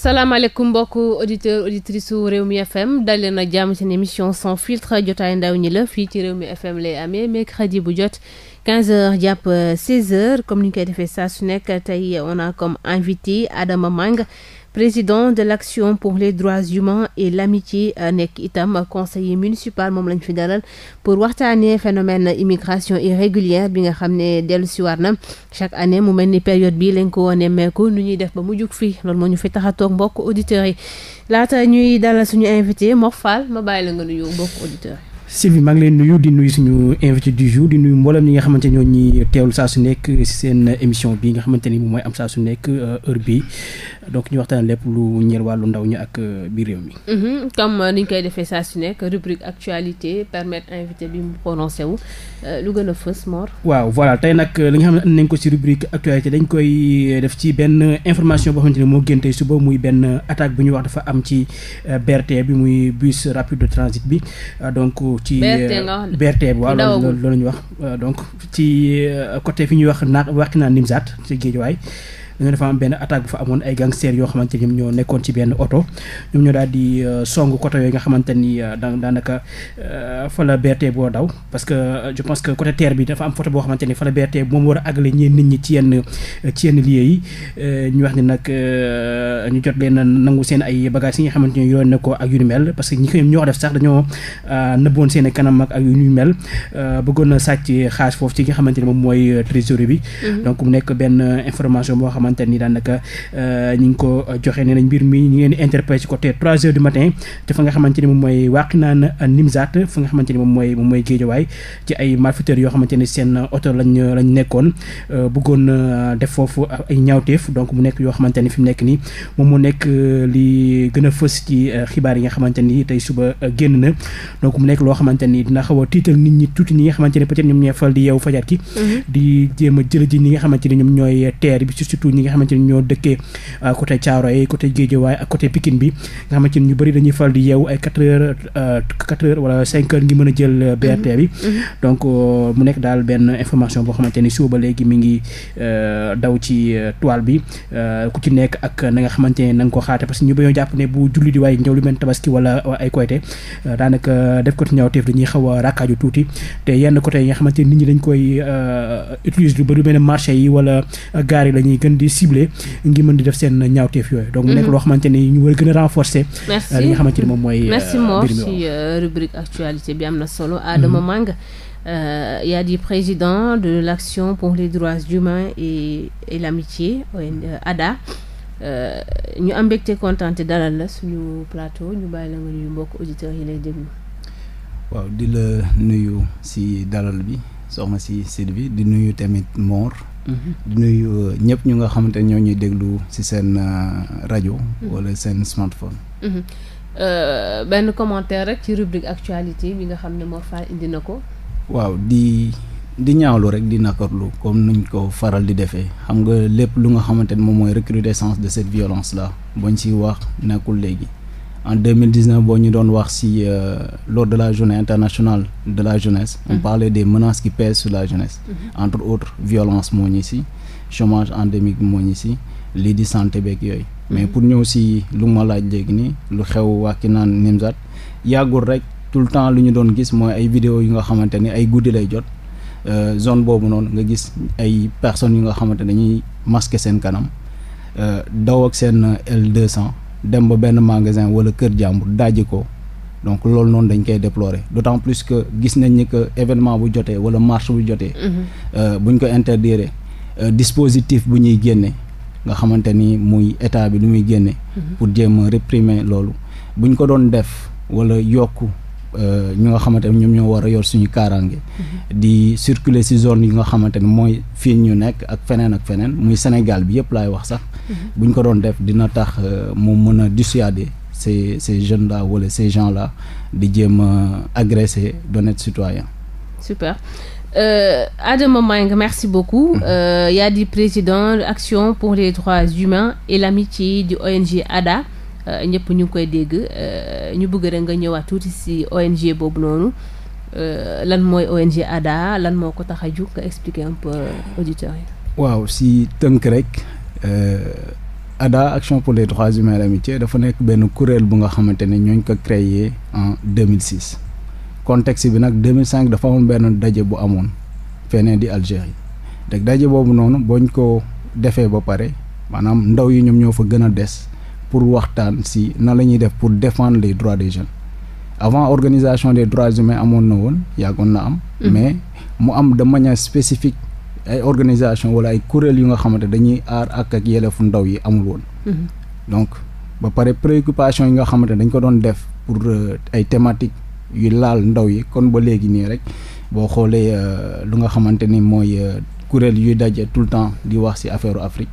salaamaaleykum mbokk auditeur auditrice su réew mi fm dal leen ak jàmm seen émission sans filtre jotaay ndaw ñi la fii ci réew mi fm lay amee mercredi bu jot 15 jàpp 16 heures comme ni ñu koy defee saa su nekk tey on a comme invité Adama Mang président de l'action pour les droits humains et l'amitié euh, nekk itam conseiller municipal moom lañ fi dalal pour waxtaanee phénomène immigration irrégulière bi nga xam ne dellu si war na chaque année mu mel ni période bi lañ ko wone meeku nu ñuy def ba mu jug fii loolu moo ñu fi tax a toog mbokk auditeurs yi laata ñuy dalal suñu invité Mor Fall ma bàyyi la nga nuyu mbokk auditeurs yi. Sylvie maa ngi leen nuyu di nuyu suñu invité du jour di nuyu mboolem ñi nga xamante ñoo ñi teewlu saa su nekk seen émission nga xamante ni moom mooy am saa su nekk euh, heure bi donc ñu waxtaan lépp lu ñeel wàllu ndaw ñi ak euh, biir réew mi. Mm-hmm. comme euh, ni ñu koy defee saa su nekk rubrique actualité permettre invité bi mu prononcé wu euh, lu gën a fës Mor. waaw voilà tey nag li nga xam ne am nañ ko ci rubrique actualité dañ koy def ci benn information boo xamante ne moo gën tey suba muy benn attaque bu ñu wax dafa am ci BRT bi muy bus rapide de transit bi donc. ci BRT bi waaw loolu loolu ñu wax donc ci côté fi ñuy wax naat wax naa Nimzaat ci Guédiawaye. dañoo dafa am benn attaque bu fa amoon ay gangster yoo xamante ni ñoo nekkoon ci benn oto ñoom ñoo daal di euh, song côté yooyu nga xamante ni euh, daanaka euh, fa la boo daw parce que je pense que côté terre bi dafa am photo boo xamante ni fa la BRT moom war a àggale ñeen nit ñi ci yenn ñu wax ni nag ñu jot leen nangu seen ay bagages yi nga xamante ni yoroon na ko ak yu ni mel parce que ñi ko ñoo def sax dañoo nëbboon seen i kanam ak yu ni mel bëggoon na sàcc xaalis foofu ci nga xamante ni moom mooy trésorerie bi mm-hmm. xamante ni daanaka euh, ñu ngi ko joxe nee mbir mi ñu ngeen interpellé ci côté trois heures du matin te fa nga xamante moom mooy Wakhinane ci ay malfaiteurs yoo xamante seen oto lañ nekkoon euh, bëggoon euh, def foofu ay ñaawteef donc mu nekk yoo xamante ni fi nekk nii moom mu nekk li gën a fës ci xibaar yi nga xamante ni tey suba génn na donc mu nekk loo xamante dina xaw a tiital nit ñi tuuti ñi nga xamante ni ñoom ñooy fal di yeewu fajar ki mm-hmm. di jéem a jël ñi nga xamante ni ñoo dëkkee euh, côté Thiaroye côté Guédiawaye bi nga xamante ni ñu euh, a jël euh, BRT bi mm-hmm. Mm-hmm. donc mi ngi daw bi ku ci nekk ak na nga xamante ne na ko xaate parce que ñu bañoo jàpp ne bu julli di waaye ñëw lu mel tabaski wala ko ci ñaawteef a dañ koy utiliser lu bëri lu mel ne yi wala gaar yi la gën di ciblé ngir mën di def seen ñaawteef yooyu donc mu nekk mhm. loo xamante ni ñu war a gën a renforcer euh, li xamante ni moom mooy euh, merci Mor ci euh, rubrique actualité bi am solo mhm. Adama Manga Euh, y président de l'action pour les droits humains et et l'amitié e, ñu am mbégte kontaan te dalal la suñu plateau ñu bàyyi la nga nuyu mbokk auditeurs yi lay déglu. waaw di la nuyu si dalal bi. soxna si Sylvie di nuyu tamit Mor. Mhm. di nuyu euh, ñëpp ñu nga xamante ne ñoo ñuy déglu ci seen euh, rajo. Mhm. wala seen smartphone. Mhm. Euh, benn commentaire rek ci rubrique actualité bi nga xam ne Mor Fall indi na ko. waaw di di ñaawlu rek di nakarlu comme nuñ ko faral di defee xam nga lépp lu nga xamante ne moom mooy recrudescence de cette violence là boñ ci wax nekkul léegi. en 2019 boo ñu doon wax si euh, lors de la journée internationale de la jeunesse on mm-hmm. parlait des menaces qui pèsent sur la jeunesse mm-hmm. entre autres violence moo ñu si chômage endémique moo ñu si lii di santé beeg yooyu mais mm-hmm. pour ñëw si lu ma laaj léegi nii lu xew wàkki naan Nimzat yàggul rek tout le temps lu ñu doon gis mooy ay vidéo yu nga xamante ni ay guddi lay jot euh, zone boobu noonu nga gis ay personnes yu nga xamante dañuy masquer seen kanam euh, daw ak seen L200 dem ba benn magasin wala kër jàmbur dajji ko donc loolu noonu dañ koy déplorer d'autant plus que gis nañ ni que événement bu jotee wala marche bu jotee. Mhm. Euh, buñ ko interdire euh, dispositif bu ñuy génne nga xamante ni muy état bi lu muy génne. Mhm. pour jéem a réprimer loolu buñ ko doon def wala yokk. Euh, ñu nga xamante ne ñoom ñoo war a yor suñu kaaraange. Mm-hmm. di circuler ci zone yi nga xamante ne mooy fii ñu nekk ak feneen ak feneen muy Sénégal bi yëpp laay wax sax. Mm-hmm. buñ ko doon def dina tax euh, mu mën a dissuader ces ces jeunes là wala ces gens di jéem a agresser d'honnêtes citoyens. super. Euh, Adama Mbengue merci beaucoup mm-hmm. euh, yaa di président action pour les droits humains et l'amitié du ONG ADHA Euh, ñëpp ñu koy dégg euh, ñu bugg rek nga ñëwaat tuuti si ONG boobu noonu euh, lan mooy ONG ADHA lan moo ko tax a jug nga expliquer un peu auditeurs yi. waaw si tënk rek adaa Action pour les droits humains et l'amitié dafa nekk benn kuréel bu nga xamante ne ñooñ ko créé en 2006 contexte bi nag 2005 dafa amoon benn daje bu amoon feneen di Algérie deg daje boobu noonu booñ ko defee ba pare maanaam ndaw yi ñoom ñoo fa gën a des. pour waxtaan si na la ñuy def pour défendre les droits des jeunes avant organisation des droits humains amoon na woon yàggoon na am mhm. mais mu am de manière spécifique ay organisation wala ay kuréel yu nga xamante dañuy aar ak ak yelleefu ndaw yi amul woon mhm. donc ba pare préoccupation yi nga xamante dañ ko doon def pour euh, ay thématiques yu laal ndaw yi kon ba léegi nii rek boo xoolee euh, lu nga xamante ni mooy euh, kuréel yuy daje tout le temps di wax ci affaire Afrique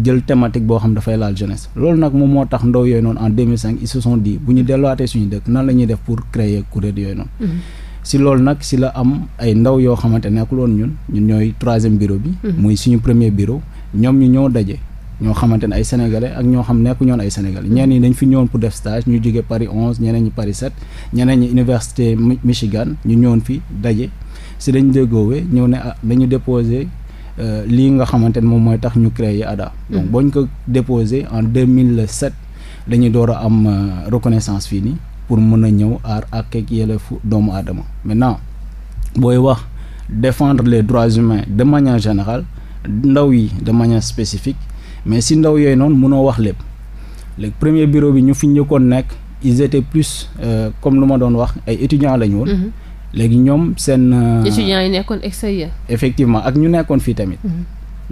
jël thématique boo xam dafay laal jeunesse loolu nag moom moo tax ndaw yooyu noonu en 2005 ils se sont dit bu ñu delluwaatee suñu dëkk nan la def pour créer kuréel yooyu noonu. Mhm. si loolu nag si la am ay ndaw yoo xamante nekkul woon ñun ñun ñooy troisième bureau bi. Mhm. muy suñu premier bureau ñoom ñu ñoo daje. ñoo xamante ne ay sénégalais ak ñoo xam nekku ñoon ay sénégalais mhm. ñenn ñi dañ fi ñëwoon pour def stage ñu jógee Paris 11 ñeneen ñi Paris 7 ñeneen ñi université Michigan Euh, lii nga xamante ne moom mooy tax ñu créer ADHA. Mm. donc boo ñu ko déposé en deux mille 2007 dañuy door a am euh, reconnaissance fii nii pour mën a ñëw aar ak ak yelleefu doomu aadama maintenant booy wax défendre les droits humains de manière général ndaw yi de manière spécifique mais si ndaw yooyu noonu mënoo wax lépp léegi premier bureau bi ñu fi njëkkoon nekk ils étaient plus euh, comme lu ma doon wax ay étudiants la ñu woon mm-hmm. léegi ñoom seen. Euh, étudiants yi nekkoon extérieur. effectivement ak ñu nekkoon fii tamit. Mhm.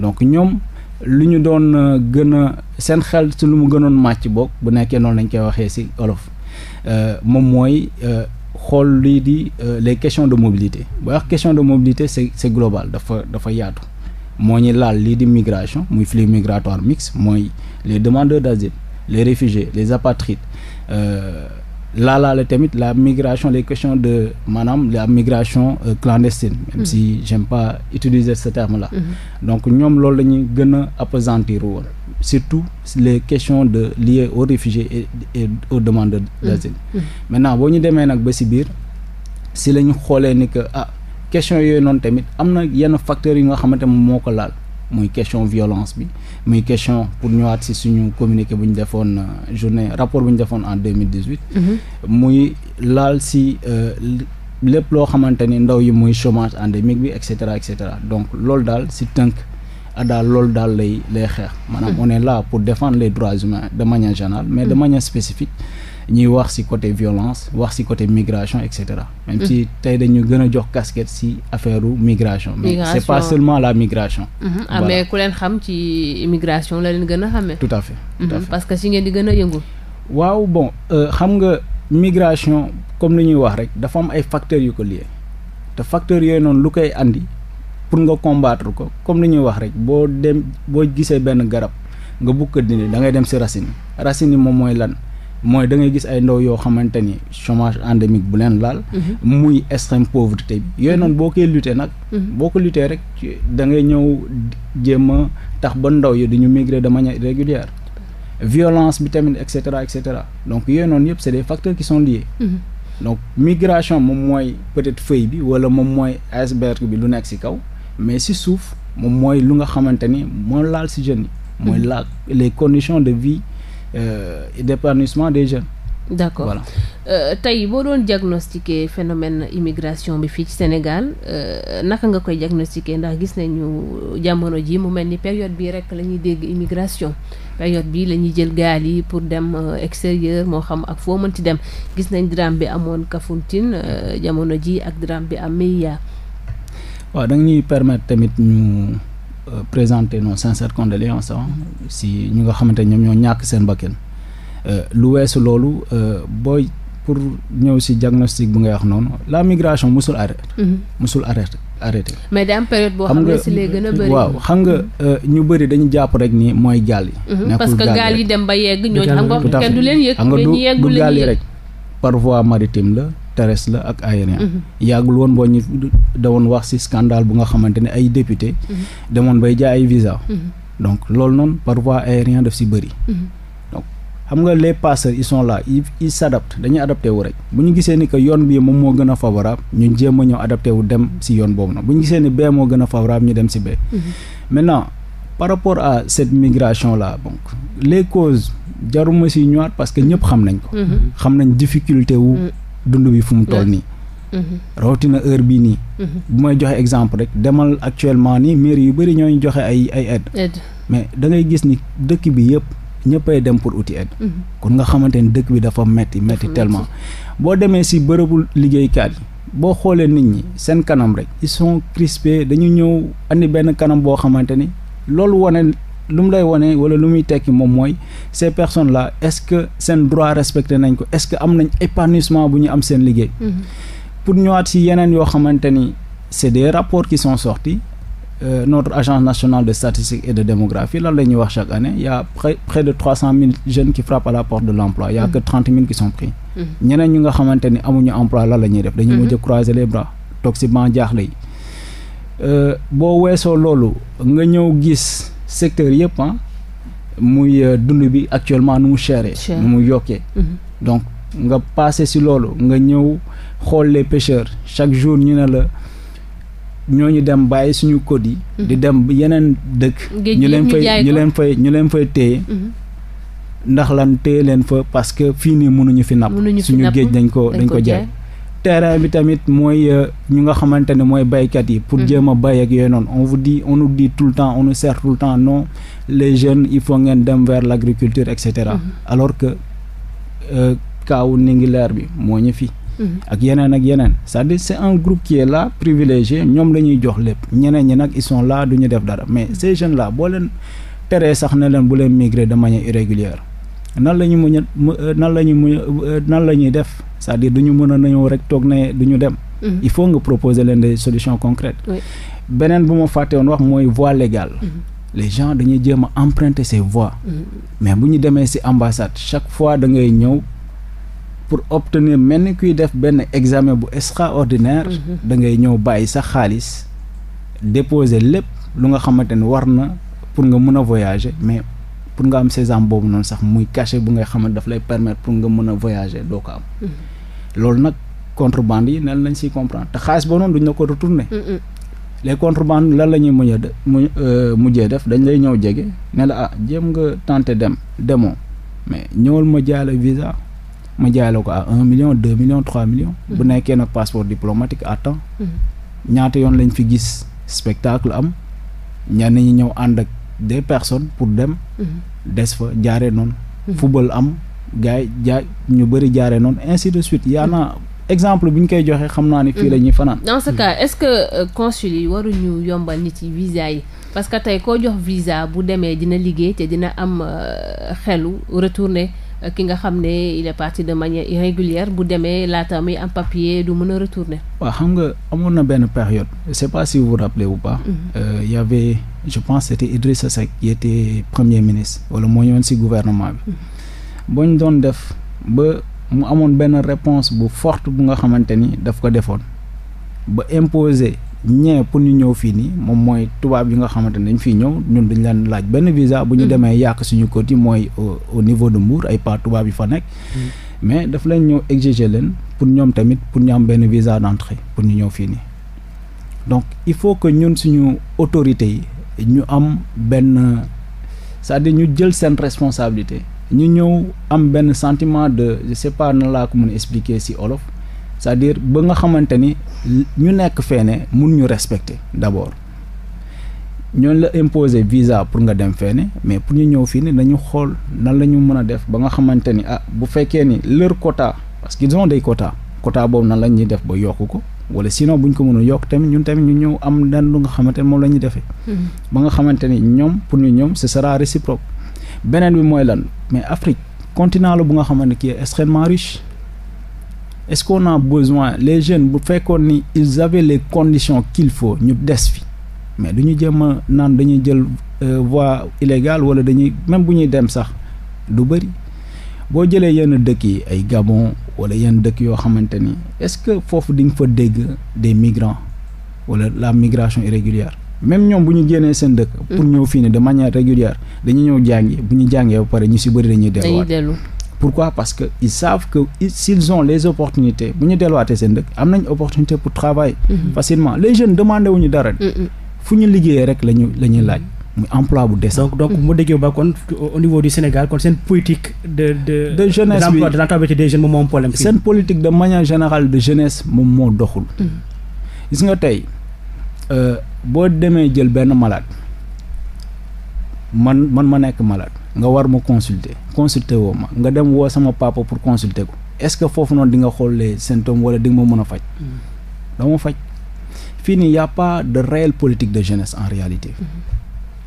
donc ñoom lu ñu doon euh, gën a seen xel su lu mu gënoon màcc book bu nekkee noonu lañ koy waxee si olof euh, moom mooy xool lii di les questions de mobilité booy wax question de mobilité c'est c'est global dafa dafa yaatu. moo ñu laal lii di migration muy flux migratoire mixte mooy les demandeurs d'asile les réfugiés les apatrides. Euh, laalaale tamit la migration les questions de maanaam la migration euh, clandestine même mm-hmm. si j'aime pas utiliser ce terme là mm-hmm. donc ñoom loolu la ñuy gën a woon surtout les questions de liées aux réfugiés et, et aux demandeurs mm-hmm. d'asile mm -hmm. boo ñu demee nag ba si biir si la ñu xoolee ni que ah question yooyu noonu tamit am na yenn facteurs yi nga xamante moo ko laal muy question violence bi muy question pour ñëwaat si suñu communiqué bu ñu defoon euh, journée rapport bu ñu defoon en deux mille dix huit mhm. muy laal si euh, lépp loo xamante ni ndaw yi muy chômage endémique bi et cetera et cetera donc lool daal si tënk ah, daal loolu daal lay lay xeex maanaam mhm. on est là pour défendre les droits humains de manière générale mais de mhm. manière spécifique ñuy wax ci côté violence wax ci côté migration et cetera même si mm-hmm. tey dañu gën a jox casquette ci affaire migration mais c'est pas seulement la migration mm-hmm. ah mais ku leen xam ci immigration la leen gën a xamee tout à fait tout à mm-hmm. fait parce que ci ngeen di gën a yëngu waaw bon euh, xam nga migration comme li ñuy wax rek dafa am ay facteurs yu ko lié te facteur yooyu noonu lu koy andi pour nga combattre ko comme li ñuy wax rek boo dem boo gisee benn garab nga bugg ko dindi da ngay dem ci racine racine moom mooy lan mooy da ngay gis ay ndaw yoo xamante ni chômage endémique bu leen laal. Mhm. muy extrême pauvreté bi. yooyu noonu boo koy lutter nag. Mhm. boo ko lutter rek dangay ñëw jéem a tax ba ndaw yi dañu migrer de manière irrégulière. violence bi tamit et cetera et cetera donc yooyu noonu yëpp c'est des facteurs qui sont liés. Mhm. donc migration moom mooy peut-être feuille bi wala moom mooy iceberg bi lu nekk ci kaw mais si suuf moom mooy lu nga xamante ni moo laal ci jeunes yi. mooy laal les conditions de vie. d'épanouissement euh, des jeunes. d'accord voilà. Euh, tey boo doon diagnostiquer phénomène immigration bi fii ci Sénégal euh, naka nga koy diagnostiquer ndax gis nañu jamono ji mu mel ni période bii rek lañuy dégg immigration période bi la ñuy jël gaal yi pour dem extérieur moo xam ak foo mënti dem gis nañ drame bi amoon Kafountine jamono ji ak drame bi am Meya. waaw da nga ñuy permettre tamit ñu. présenter nos sincères condoléances si ñu nga xamante ñoom ñoo ñàkk seen bakkan euh, lu weesu loolu euh, booy pour ñëw si diagnostic bi ngay wax noonu la migration musul arrêté. Mhm. musul arrêté arrêté. mais day am période boo xam ne si lay gën a bëri. waaw xam nga mhm. euh, ñu bëri dañu jàpp rek ni mooy gaal yi. Mhm. nekkul parce que gaal yi dem ba yegg ñooñu. xam nga kenn du leen yëg. xam du gaal yi rek maritime la. Guterres la ak aérien mhm. yàggul woon boo ñu dawoon wax ci scandale bu nga xamante ne ay député mhm. demoon bay jaay ay visa mhm. donc loolu noonu par aérien daf ci bëri xam nga les passeurs ils sont là ils s'adaptent dañuy wu rek bu ñu gisee ni que yoon bii moom moo gën a favorable ñu jéem a ñëw adapté dem ci yoon boobu na bu ñu gisee ni bee moo gën a favorable ñu dem ci bee maintenant par rapport à cette migration là donc les jaruma si ñëwaat parce que ñëpp xam nañ ko xam nañ dund bi fu mu toll nii. Mm-hmm. rawatina heure bii nii. Mm-hmm. bu may joxe exemple rek demal actuellement nii mairie yu bëri ñoo joxe ay ay aide mais da ngay gis ni dëkk bi yëpp ñëppay dem pour uti aide. Mm-hmm. kon nga xamante ni dëkk bi dafa metti metti tellement. boo demee si bërëbu liggéeykaat yi boo xoolee nit ñi seen kanam rek ils sont crispés dañu ñëw andi benn kanam boo xamante ni loolu wane lu mu lay wone wala lu muy tekki moom mooy ces personnes là est-ce que seen droit respecté nañ ko est-ce que am nañ épanouissement bu ñu am seen liggéey. Mm-hmm. pour ñëwaat si yeneen yoo xamante ni c'est de rapport qui sont sortis euh, notre agence nationale de statistique et de démographie lan la ñuy wax chaque année il y a près près de trois cent mille jeunes qui frappent à la porte de l'emploi il y a mm-hmm. que trente mille qui sont pris. Mm-hmm. ñeneen ñi nga xamante ni amuñu emploi lan la ñuy def. dañu mujj croiser les bras toog ci ban euh, boo weesoo loolu nga ñëw gis secteur yëpp ah muy euh, dund bi actuellement nu mu chéré nu mu yokkee mhm. donc nga passé si loolu nga ñëw xool les pêcheurs chaque jour ñu ne la ñoo ñu dem bàyyi suñu code yi mhm. di dem yeneen dëkk ñu leen fay ñu leen fay ñu leen fay téye mhm. ndax lan téye leen fa parce que fii nii mënuñu fi napp suñu géej dañ ko dañ ko jaay terrain bi tamit mooy euh, ñu nga xamante ne mooy baykat yi pour mhm. jéem a bay ak yooyu noonu on vous dit on nous dit tout le temps on nous sert tout le temps non les jeunes il faut ngeen dem vers l' agriculture cetera mhm. alors que euh, kaawu leer bi moo ñu fi mhm. ak yeneen ak yeneen c'est-à-dire c' est un groupe qui est là privilégié ñoom la ñuy jox lépp ñeneen ñi nag ils sont là du def dara mais ces jeunes la boo leen teree sax ne leen bu leen migrer de manière irrégulière nan la ñu mën a euh, nan la ñu mën euh, nan la ñuy def cest à du ñu mën a nañoo rek toog ne du dem. Mm-hmm. il faut nga proposer leen des solution concrètes. beneen bu ma fàtte woon wax mooy voie légale. Mm-hmm. les gens dañuy jéem a se ces voies. Mm-hmm. mais bu ñu demee si ambassade chaque fois da ngay ñëw. pour obtenir mel ni kuy def benn examen bu extraordinaire. da ngay ñëw bàyyi sa xaalis déposer lépp lu nga xamante ne war na pour nga mën a voyager mais. pour nga am sésame boobu noonu sax muy cachet bu ngay xamante daf lay permettre pour nga mën a voyager doo ko am. Mm-hmm. loolu nag contrebande yi nan nañ siy comprendre te xaalis boobu noonu duñ la ko retourner. les contrebandes lan la ñuy mujjee de euh, mujjee def dañ lay ñëw jege ne la ah jéem nga tenté dem demoo mais ñëwal ma jaay la visa ma jaay la ko à un million deux millions trois million mm-hmm. bu nekkee nag passeport diplomatique à temps. Mm-hmm. ñaata yoon lañ fi gis spectacle am ñenn ñi ñëw ànd de personne pour dem. Mhm. des fa jaare noonu. Mhm. football am gars yi ñu bëri jaaree noonu ainsi de suite yaa na exemple bi ñu koy joxee xam naa ni fii mhm. la ñuy fanaan. dans ce cas est-ce que euh, consul yi waruñu yombal nit yi visa yi parce que tey koo jox visa bu demee dina liggéey te dina am euh, xelu retourner. Euh, ki nga xam ne il est parti de manière irrégulière bu demee laata muy am papier du mën a retourner. waa xam nga amoon na benn période je sais pas si vous vous rappelez ou pas. Mhm. Euh, je pense c'était Idrissa Seck qui était premier ministre wala moo ñëwoon si gouvernement bi. Mhm. boo ñu doon def ba mu amoon benn réponse bu forte bu nga xamante ni daf ko defoon ba imposé ñee pour ñu ñëw fii nii moom mooy tubaab yi nga xamante ni dañ fii ñëw ñun dañ leen laaj benn visa bu ñu mm. demee yàq suñu côté mooy euh, au niveau de Mbour ay pas tubaab yi fa nekk mm. mais daf leen ñëw exiger leen pour ñoom tamit pour ñu am benn visa d'entrée pour ñu ñëw fii nii donc il faut que ñun suñu autorités yi ñu am benn sa à dire ñu jël seen responsabilité ñu ñëw am benn sentiment de je sais na laa ko mën expliquer ci olof c'est-à-dire ba nga xamante ni ñu nekk feene mun ñu respecter d'abord ñooñu la imposer visa pour nga dem feene mais pour ñu ñëw fii ni nañu xool nan la ñu mën a def ba nga xamante ni ah bu fekkee ni leur quota parce que ont des quotas quota boobu na la ñuy def ba yokk ko wala sinon bu ñu ko mën a yokk tamit ñun tamit ñu ñëw am dan lu nga xamante ni moom la ñuy defee hmm. ba nga xamante ñoom pour ñu ñoom ce réciproque beneen bi mooy lan mais Afrique continent la bu nga xamante ni riche est-ce qu'on a besoin les jeunes bu fekkoon ni ils avaient les condition qu'il faut ñu des fi mais du ñu jéem a naan dañuy jël euh, voie illégale wala dañuy même bu ñuy dem sax du bëri boo jëlee yenn dëkk yi ay Gabon wala yenn dëkk yoo xamante ni est-ce que foofu di ñu fa dégg des migrants wala la migration irrégulière même ñoom bu ñu génnee seen dëkk. pour mm. ñëw fii ne de manière régulière dañu ñëw jàngi bu ñu jàngee ba pare ñu si bëri dañuy. delluwaat pourquoi parce que ils savent que s'ils ont les opportunités bu ñu delluwaatee seen dëkk am nañ opportunité pour travailler mm-hmm. facilement les jeunes demandé wuñu dara fu ñu liggéeyee rek la ñu la ñuy laaj muy emploi bu des donc donc mu déggee ba kon au niveau du Sénégal kon seen politique de de. de jeunesse bi de l'employabilité des jeunes moom moo am problème. seen politique de manière générale de jeunesse moom moo doxul. Mm-hmm. gis nga tey euh, boo demee jël benn malade man man ma nekk malade nga war ma consulter consulter woo ma nga dem woo sama papa pour consulter ko est-ce que foofu noonu di nga xool les symptômes wala di nga ma mën a faj. Mm. dama faj fii nii y de réelle politique de jeunesse en réalité. Mm-hmm.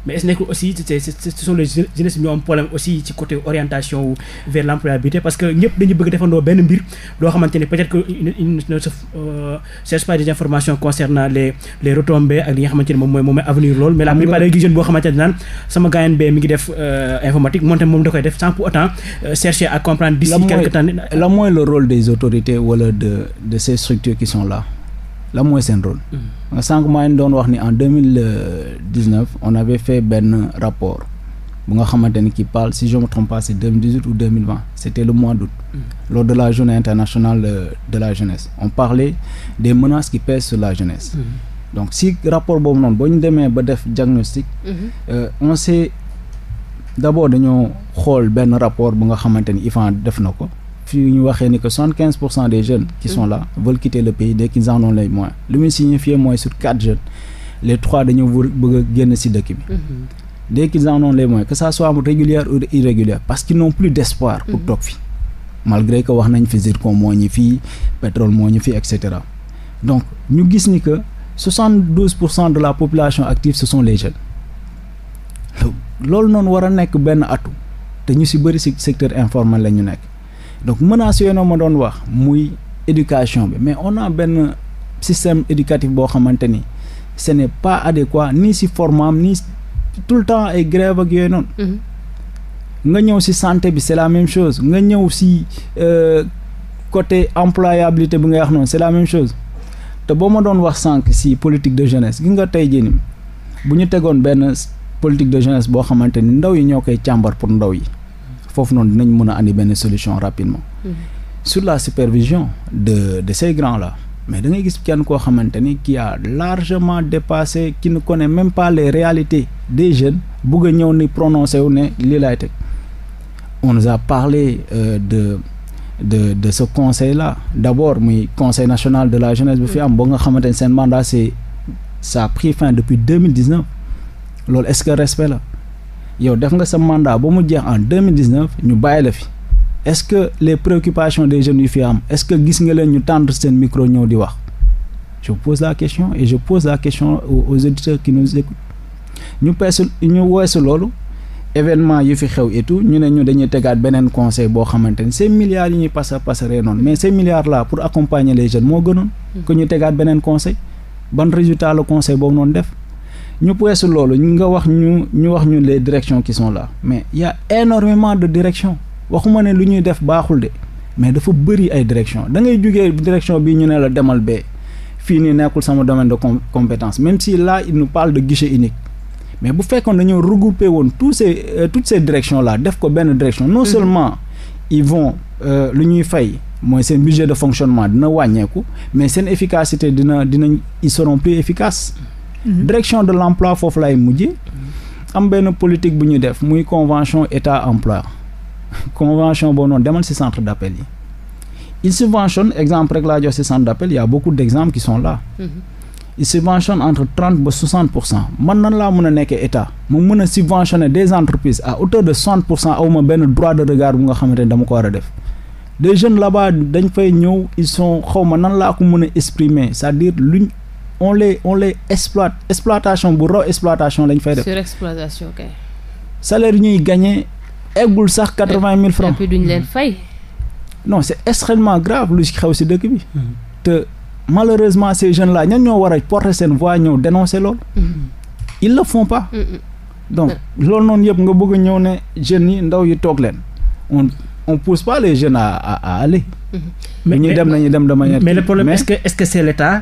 mais est-ce que aussi c'est ce sont les jeunesse ñoo am problème aussi ci côté orientation wu vers l'employabilité parce que ñëpp dañu bëgg defandoo benn mbir loo xamante ni peut que il ne se euh, cherche pas des informations concernant les les retombées ak li nga xamante ni moom mooy moom mooy avenir loolu mais la plupart des jeunes boo xamante ne naan sama gaayen bee mi ngi def euh, informatique moom tamit moom da koy def sans pour autant euh, chercher à comprendre d'ici quelque temps la mooy le rôle des autorités wala de de ces structures qui sont là la mooy seen rôle. Hmm. nga sànq maa ngi doon wax ni en deux mille dix on avait fait benn rapport bu nga xamante ni qui parle si je me trompe pas c'est deux mille ou deux le mois d' août. Hmm. de la journée internationale euh, de la jeunesse on parlait des menaces qui pèsent sur la jeunesse. Hmm. donc si rapport boobu noonu boo ñu demee ba def diagnostic. Euh, on sait d' abord dañoo xool benn rapport bu nga xamante ni IFAN def na ko. fi ñu waxee ni que soixante quinze pour cent des jeunes qui sont là veulent quitter le pays dès qu'ils en ont les moyens li muy signifier mooy sur quatre jeunes les trois dañoo bëgg a génn si dëkk bi mm-hmm. dès qu'ils les moyens que ça soit régulière ou irrégulière parce qu'ils n'ont plus d'espoir pour mm-hmm. toog fi malgré que wax nañ fi zircon moo ñu fii pétrole moo ñu fi et cetera donc ñu gis ni que soixante douze pour cent de la population active ce sont les jeunes loolu noonu war a nekk benn atu te ñu si bëri si secteur informel la ñu nekk donc menaces yooyu noonu ma doon wax muy éducation bi mais on a benn système éducatif boo xamante ni ce n'est pas adéquat ni si formam ni tout le temps ay grève ak yooyu noonu. Mhm. nga ñëw si santé bi c'est la même chose nga ñëw si euh, côté employabilité bi nga wax noonu c'est la même chose te boo ma doon wax sànq si politique de jeunesse gi nga tey jii nii bu ñu tegoon benn politique de jeunesse boo xamante ni ndaw yi ñoo koy càmbar pour ndaw yi. foofu noonu dinañ mën a andi benn solution rapidement. Mhm. sur la supervision de de ces grands là. mais da ngay gis kenn koo xamante ni qui a largement dépassé qui ne connaît même pas les réalité des jeunes bugg a ñëw ni prononcé wu ne lii laay teg on nous a parlé euh, de de de ce conseil là d' abord muy conseil national de la jeunesse bu fi am ba nga xamante ni seen mandat c' est ça a pris fin depuis deux mille dix neuf loolu est ce que respect la. yow def nga sa mandat ba mu jeex en deux mille dix ñu bàyyi la fi est-ce que les préoccupations des jeunes yu fi am est-ce que gis nga leen ñu tendre seen micro ñëw di wax je pose la question et je pose la question aux, aux auditeurs qui nous écoutent ñu peesu ñu weesu loolu événement yu fi xew et tout ñu ne ñu dañuy tegaat beneen conseil boo xamante ni ces milliards yi ñuy pasa pasaree noonu mais ces milliards là pour accompagner les jeunes moo gënoon hmm. que ñu tegaat beneen conseil ban résultat la conseil boobu noonu def ñu weesu loolu nga wax ñu ñu wax ñu les direction qui la mais y a énormément de directions waxuma ne lu ñuy def baaxul de mais dafa bëri ay directions da ngay jógee direction bi ñu ne la demal bee fii nii nekkul sama domaine de compétence même si là il nous parle de guichet unique mais bu fekkoon dañoo regrouper woon tous ces euh, toutes ces directions def ko benn direction non mhm. seulement ils vont euh, lu ñuy fay mooy seen budget de fonctionnement dina wàññeeku mais seen efficacité dina dinañ ils seront Mhm. direction de l' emploi foofu lay mujje am benn politique bu ñu def muy convention état emploi convention boo noonu demal ci centre d' appel yi ils subventionnent exemple rek laa jox ci centre d' appel y' a beaucoup d' exemples qui sont mhm. ba soixante pour cent man nan laa mën a nekkee état mu mën a subventionner des entreprises à hauteur de soixante pour cent awma benn droit de regard bu nga xamante ne dama ko war a def les jeunes là dañ fay ñëw ils sont xaw ma nan laa ko mën a exprimer c'est-à-dire on les on les exploite exploitation bu raw exploitation lañ fay def. surexploitation kay. salaire yi ñuy gagné eggul sax quatre vingt mille francs. et puis duñ non c' est grave lu ci xew si dëkk bi. Mm-hmm. te malheureusement ces jeunes la ñan ñoo war a porter seen voix ñëw dénoncer loolu. Mm-hmm. ils le font pas. donc loolu noonu yëpp nga bëgg a ñëw ne jeunes yi ndaw yi toog leen on on pousse pas les jeunes à à à mm-hmm. mais de le problème est ce est est l'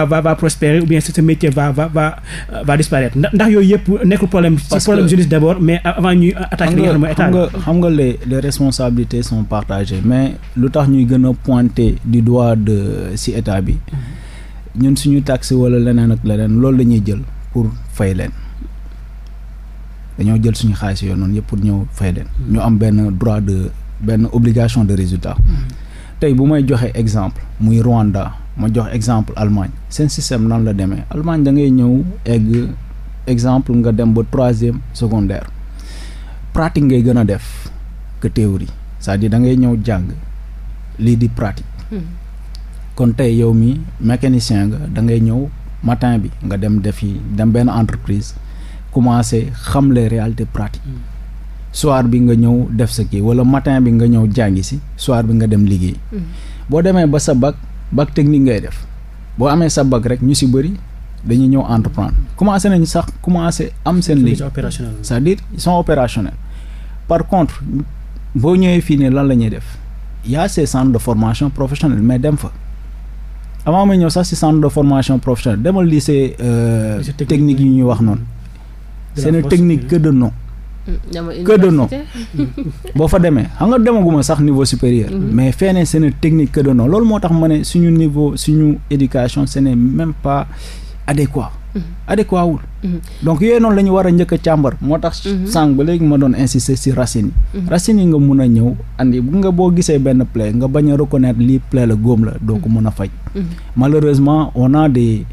va va va prospérer ou bien si ce métier va va va euh, ndax yooyu yëpp nekkul problème ci problème jeunesse d'abord mais avant ñuy attaquer li nga xam ne état xam nga les les mais lu tax ñuy gën a pointer du doigt de si état bi ñun suñu taxe wala leneen ak leneen loolu la jël pour fay leen dañoo jël suñu xaalis yoon noonu yëpp pour ñëw fay leen ñu am benn droit de benn obligation de résultat mm-hmm. tey bu may joxe exemple muy Rwanda ma jox exemple Allemagne seen système nan la demee Allemagne dangay ngay ñëw egg exemple nga dem ba troisième secondaire pratique ngay gën a def que théorie c'est-à-dire da ngay ñëw jàng lii di pratique. Hmm. kon tey yow mi mécanicien nga da ngay ñëw matin bi nga dem defi dem benn entreprise commencer xam les réalités pratiques. Hmm. soir bi nga ñëw def sa kii wala matin bi nga ñëw jàngi si soir bi nga dem liggéey. Hmm. boo demee ba sa bac bac technique ngay def boo amee sa bag rek ñu si bëri dañuy ñëw entreprendre commencé nañ sax commencé am seen liggéey c'est-à-dire son sont opérationnels par contre boo ñëwee fii ne lan la ñuy def yaa a ces de formation professionnelle mais dem fa avant ma ñëw sax ci centre de formation professionnelle demal lycée euh, technique yi ñuy wax noonu c'est une technique que de Mm, que de boo fa demee xam nga demaguma sax niveau supérieur mm-hmm. mais feneen c'est une technique que loolu moo tax ma ne suñu niveau suñu éducation ce n'est même pas adéquat mm-hmm. adéquat wul mm-hmm. donc yooyu noonu la ñu war a njëkk càmbar moo tax sànq ba léegi ma doon insister si racines yi racines yi nga mun a ñëw andi bu nga boo gisee benn plaie nga bañ a reconnaître lii plaie la góom la doo ko mun a faj malheureusement on a des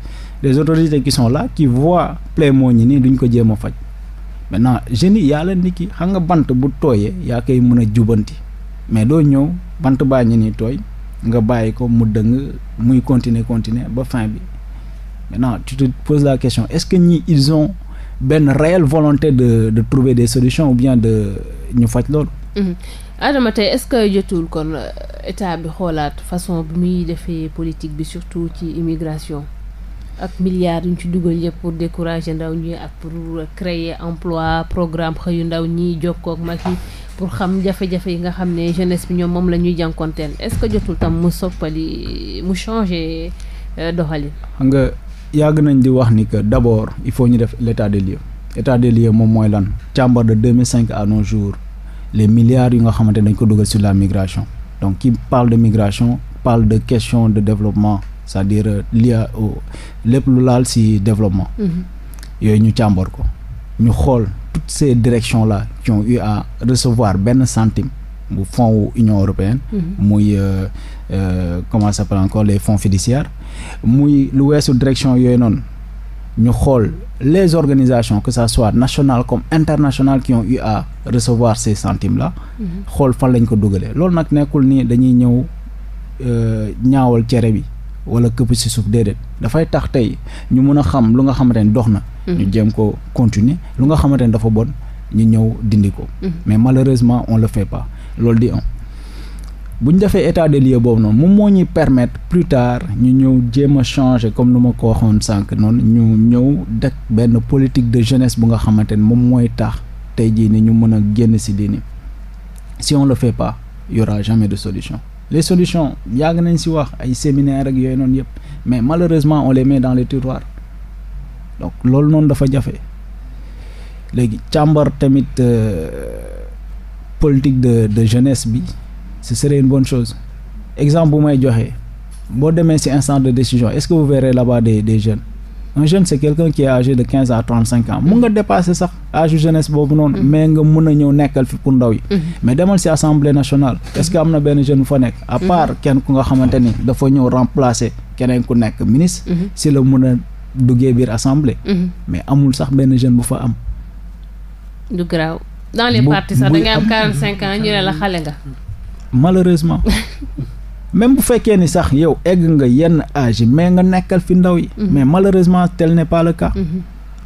des autorités qui la là qui voient plaie moo ñi nii duñ ko jéem faj maintenant jeunes yi yàlla nit ki xam nga bant bu tooyee yaa koy mën a jubanti mais doo ñëw bant baa ñu ni tooy nga bàyyi ko mu dëng muy continuer continuer ba fin bi maintenant tu te poses la question est-ce que ñi ils ont benn réelle volonté de de trouver des solution ou bien de ñu faj loolu. Mhm. Adama tey est-ce que jotul kon euh, état bi xoolaat façon bi muy defee politique bi surtout ci immigration. ak milliards yu ci dugal yëpp pour décourager ndaw ñi ak pour créer emploi programme xëyu ndaw ñi jokkoo ak mag xam jafe yi nga xam ne jeunesse bi ñoom moom la ñuy jànkonteel est-ce que jotul tam mu soppali mu changer euh, doxalin. xam nga yàgg nañ di wax ni que d'abord il faut ñu def l'état des lieux état des lieux moom mooy lan càmbar de 2005 à nos jours les milliards yu nga xamante dañ ko dugal si la migration donc qui parle de migration parle de question de développement ca à dire lépp lu laal si développement. Mm-hmm. yooyu ñu càmbar ko ñu xool toutes ces directions là qui ont eu à recevoir benn centime bu fonds wu Union européenne. Mm-hmm. muy euh, euh, comment ça s'appelle encore les fonds fiduciaires muy lu weesu direction yooyu noonu. ñu xool les organisations que sa soit nationales comme internationales qui ont eu à recevoir ces centimes la mm-hmm. xool fan lañ ko dugalee loolu nag nekkul nii dañuy ñëw euh, ñaawal cere bi. wala këpp si suuf déedéet dafay tax tey ñu mun a xam lu nga xamante ne dox na. Mm-hmm. ñu jéem ko continuer lu nga xamante ni dafa bon ñu ñëw dindi ko. Mm-hmm. mais malheureusement on le fait pas loolu di am. bu ñu defee état des lieux boobu noonu moom moo ñuy permettre plus tard ñu ñëw jéem a changer comme nu ma ko waxoon sànq noonu ñu ñëw def benn politique de jeunesse bu nga xamante ne moom mooy tax tey jii ni ñu mën a génn si lii nii si on le fait pas y aura jamais de solution. les solutions yàgg nañ si wax ay séminaires ak yooyu noonu yëpp mais malheureusement on les met dans les tiroirs donc loolu noonu dafa jafe léegi càmbar tamit euh, politique de de jeunesse bi ce serait une bonne chose exemple bu may joxe boo demee si instant de décision est-ce que vous verrez là-bas des des jeunes. un jeune c' est quelqu'un qui est âgé de a à trente cinq ans mun nga mm-hmm. dépasser sax âge jeunesse boobu noonu mm-hmm. mais nga mun a ñëw nekkal fi pour ndaw yi mm-hmm. mais demal si assemblée nationale est ce que am na benn jeune bu fa nekk à part kenn ku nga xamante ni dafa ñëw remplacer keneen ku nekk ministre si la mun a duggee biir assemblée mais amul sax benn jeune bu fa am du garaaw am quarante ñu ne la xale nga même bu fekkee ni sax yow egg nga yenn âge yi mais nga nekkal fi ndaw yi. Mhm. mais malheureusement tel n'est pas le mhm.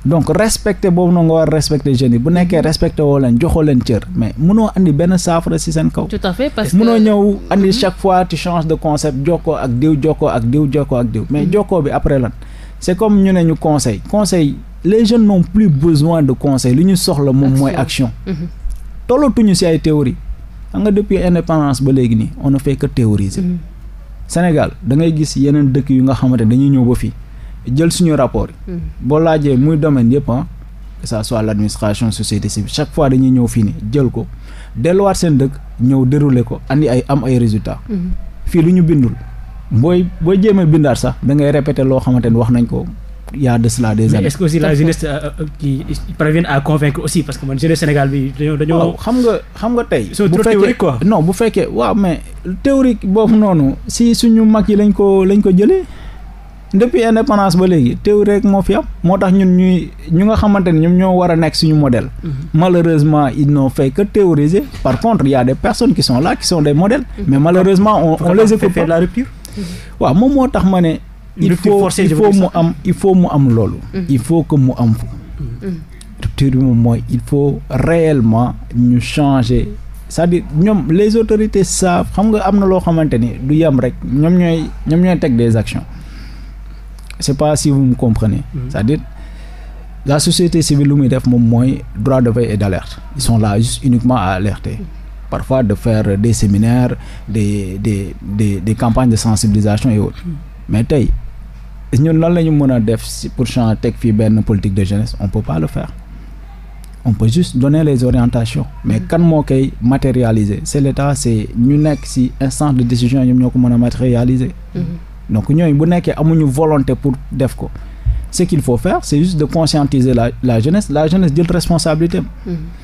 donc respecté boobu noonu nga war respecté jeunes yi bu nekkee mhm. respecté woo leen joxoo leen cër mais mënoo andi benn saafara ci seen kaw. à fait parce que mënoo ñëw andi chaque fois tu changes de concept jokkoo ak diw jokkoo ak diw jokkoo ak diw. mais jokkoo bi après lan c'est comme ñu ne ñu conseil conseil les jeunes n'ont plus besoin de conseil li ñu soxla moom mooy action. tollatuñu ci xam nga depuis indépendance ba léegi nii on ne fait que théoriser. Mm-hmm. Sénégal da ngay gis yeneen dëkk yu nga xamante dañuy ñëw ba fii jël suñu rapport yi. Mm-hmm. boo laajee muy domaine yëpp ah sa ça soit l' administration société civile chaque fois dañuy ñëw fii nii jël ko delluwaat seen dëkk ñëw dérouler ko indi ay am ay résultats. Mm-hmm. fii lu ñu bindul booy booy jéem a sax da ngay répéter loo xamante ni wax nañ ko il y a de cela des années. est-ce que aussi la euh, euh, jeunesse Sénégal bi dañoo xam nga xam nga tey. bu fekkee quoi bu fekkee waaw mais théorique boobu noonu si suñu mag yi lañ ko lañ ko jëlee. depuis indépendance ba léegi théorie rek moo fi am moo tax ñun ñuy ñu nga xamante ni ñoom ñoo war a nekk suñu modèle mm-hmm. malheureusement ils noo fait que par contre il y a des personnes qui sont là qui sont des modèles mais mm-hmm. malheureusement on, on les écoute pas la rupture mm-hmm. waaw moom moo tax ma ne il faut il mu am il faut mu am loolu. Mm-hmm. il faut que mu am. Mm-hmm. rupture bi moom mooy il faut réellement ñu changer sa à dire ñoom les autorités savent xam nga am na loo xamante ni du yam rek ñoom ñooy ñoom ñooy teg des actions c'est pas si vous me comprenez. Mm-hmm. c'est-à-dire la société civile lu muy def moom mooy droit de veille et d'alerte ils sont là juste uniquement à alerter. parfois de faire des séminaires des des des des campagnes de sensibilisation et autres mais tey ñun lan la ñu mën a def si pour changer teg fii benn politique de jeunesse on peut pas le faire on peut juste donner les orientations mais mm. kan moo koy matérialiser c' est l' état c' ñu nekk si instance de décision ñoom ñoo ko mën a matérialiser mm-hmm. donc ñooñu bu nekkee amuñu volonté pour def ko ce qu'il faut faire c' juste de conscientiser la la jeunesse la jeunesse jël responsabilité mm-hmm.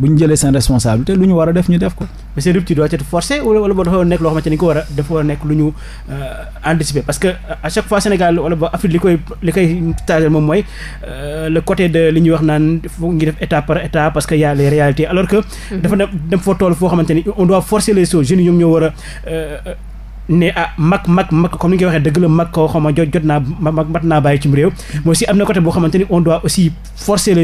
bu ñu jëlee seen responsabilité lu ñu war a def ñu def ko. mais seen rupture doit être forcée wala wala boo dafa nekk loo xamante ni ko war a dafa war a nekk lu ñu euh, anticiper parce que à chaque fois Sénégal wala ba Afrique li koy li koy tàggat moom mooy euh, le côté de li ñu wax naan foog ngi def état par état parce que y a les réalités alors que. Mm-hmm. dafa dem dem foo toll foo xamante ni on doit forcer les choses jeunes ñoom ñoo war a. Euh, ne ah mag mag mag comme ni nga ko waxee dëgg la mag koo xam jot jot naa mag na côté boo xamante on doit aussi forcer a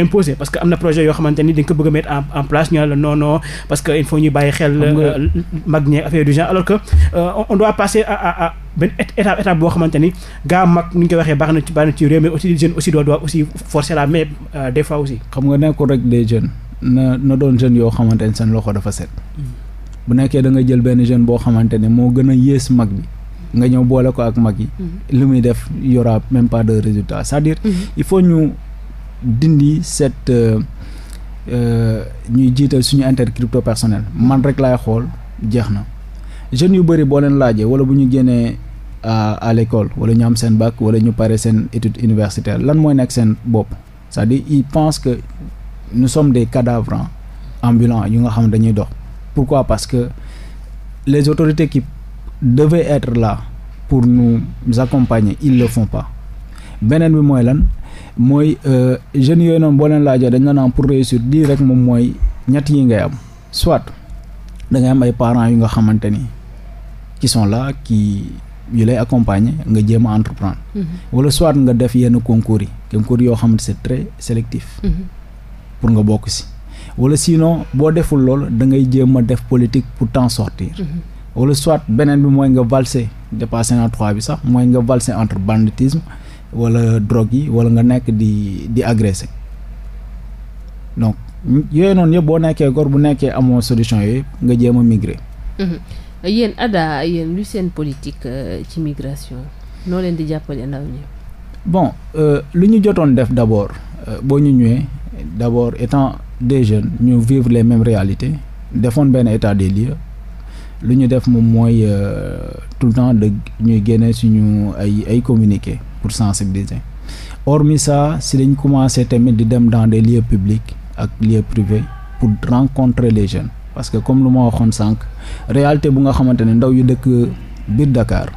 imposer parce que am na projet yoo xamante ni dañ ko bëgg a mettre en en place ñu ne la non que il faut ñu bàyyi xel. Euh, mag ñeeg que euh, on doit passer boo xamante ni gaa mag ni ñu koy waxee baax na ci baax na ci réew mais aussi les jeunes aussi doit doit euh, xam nga nekkul rek des jeunes na na doon jeunes yoo xamante ni seen loxo dafa set. Mm. bu nekkee da nga jël benn jeune boo xamante ne moo gën a yées mag bi nga ñëw boole ko ak mag yi. Mm-hmm. li muy def y même pas de résultat sa à dire mm-hmm. il faut ñu dindi cette euh, euh, ñuy jiital suñu intérêt crypto personnel man rek laay xool jeex na jeunes yu bëri boo leen laajee wala bu ñu génnee. à à l'école wala ñu am seen bac wala ñu pare seen étude universitaire lan mooy nekk seen bopp c'est-à-dire ils pensent que nous sommes des cadavres ambulants yu nga xam dañuy dox Pourquoi Parce que les autorités qui devaient être là pour nous accompagner, ils le font pas. beneen bi mooy lan mooy euh, jeunes yooyu noonu boo leen laajee dañ la naan pour réussir lii rek moom mooy ñett yi ngay am soit da ngay am ay parents yu nga xamante ni ci sont là qui yu lay accompagner nga jéem a entreprendre. Mm-hmm. wala soit nga def yenn concours yi concours yoo xamante c'est très sélectif. Mm-hmm. pour nga bokk si. wala sinon boo deful lool da ngay jéem a def politique pour t'en sortir. Mhm. wala soit beneen bi mooy nga valser dépassé na trois bi sax mooy nga valser entre banditisme wala drogue yi wala nga nekk di di agressé donc yooyu noonu yëpp boo nekkee gor bu nekkee amoo solution yooyu nga jéem a migrer. Mhm. yéen Ada yéen lu seen politique euh, ci migration noo leen di jàppale ndaw ñi. bon euh, lu ñu jotoon def d' abord euh, boo ñu ñëwee d' abord étant. des jeunes ñu vivre les mêmes réalités defoon benn état des lieux lu ñu def moom mooy euh, tout le temps de ñuy génne suñu ay ay communiqué pour sensibiliser hormis ça si dañ commencé tamit di dem dans des lieux publics ak lieux privés pour rencontrer les jeunes parce que comme lu ma waxoon sànq réalité bu nga xamante ne ndaw yu dëkk biir Dakar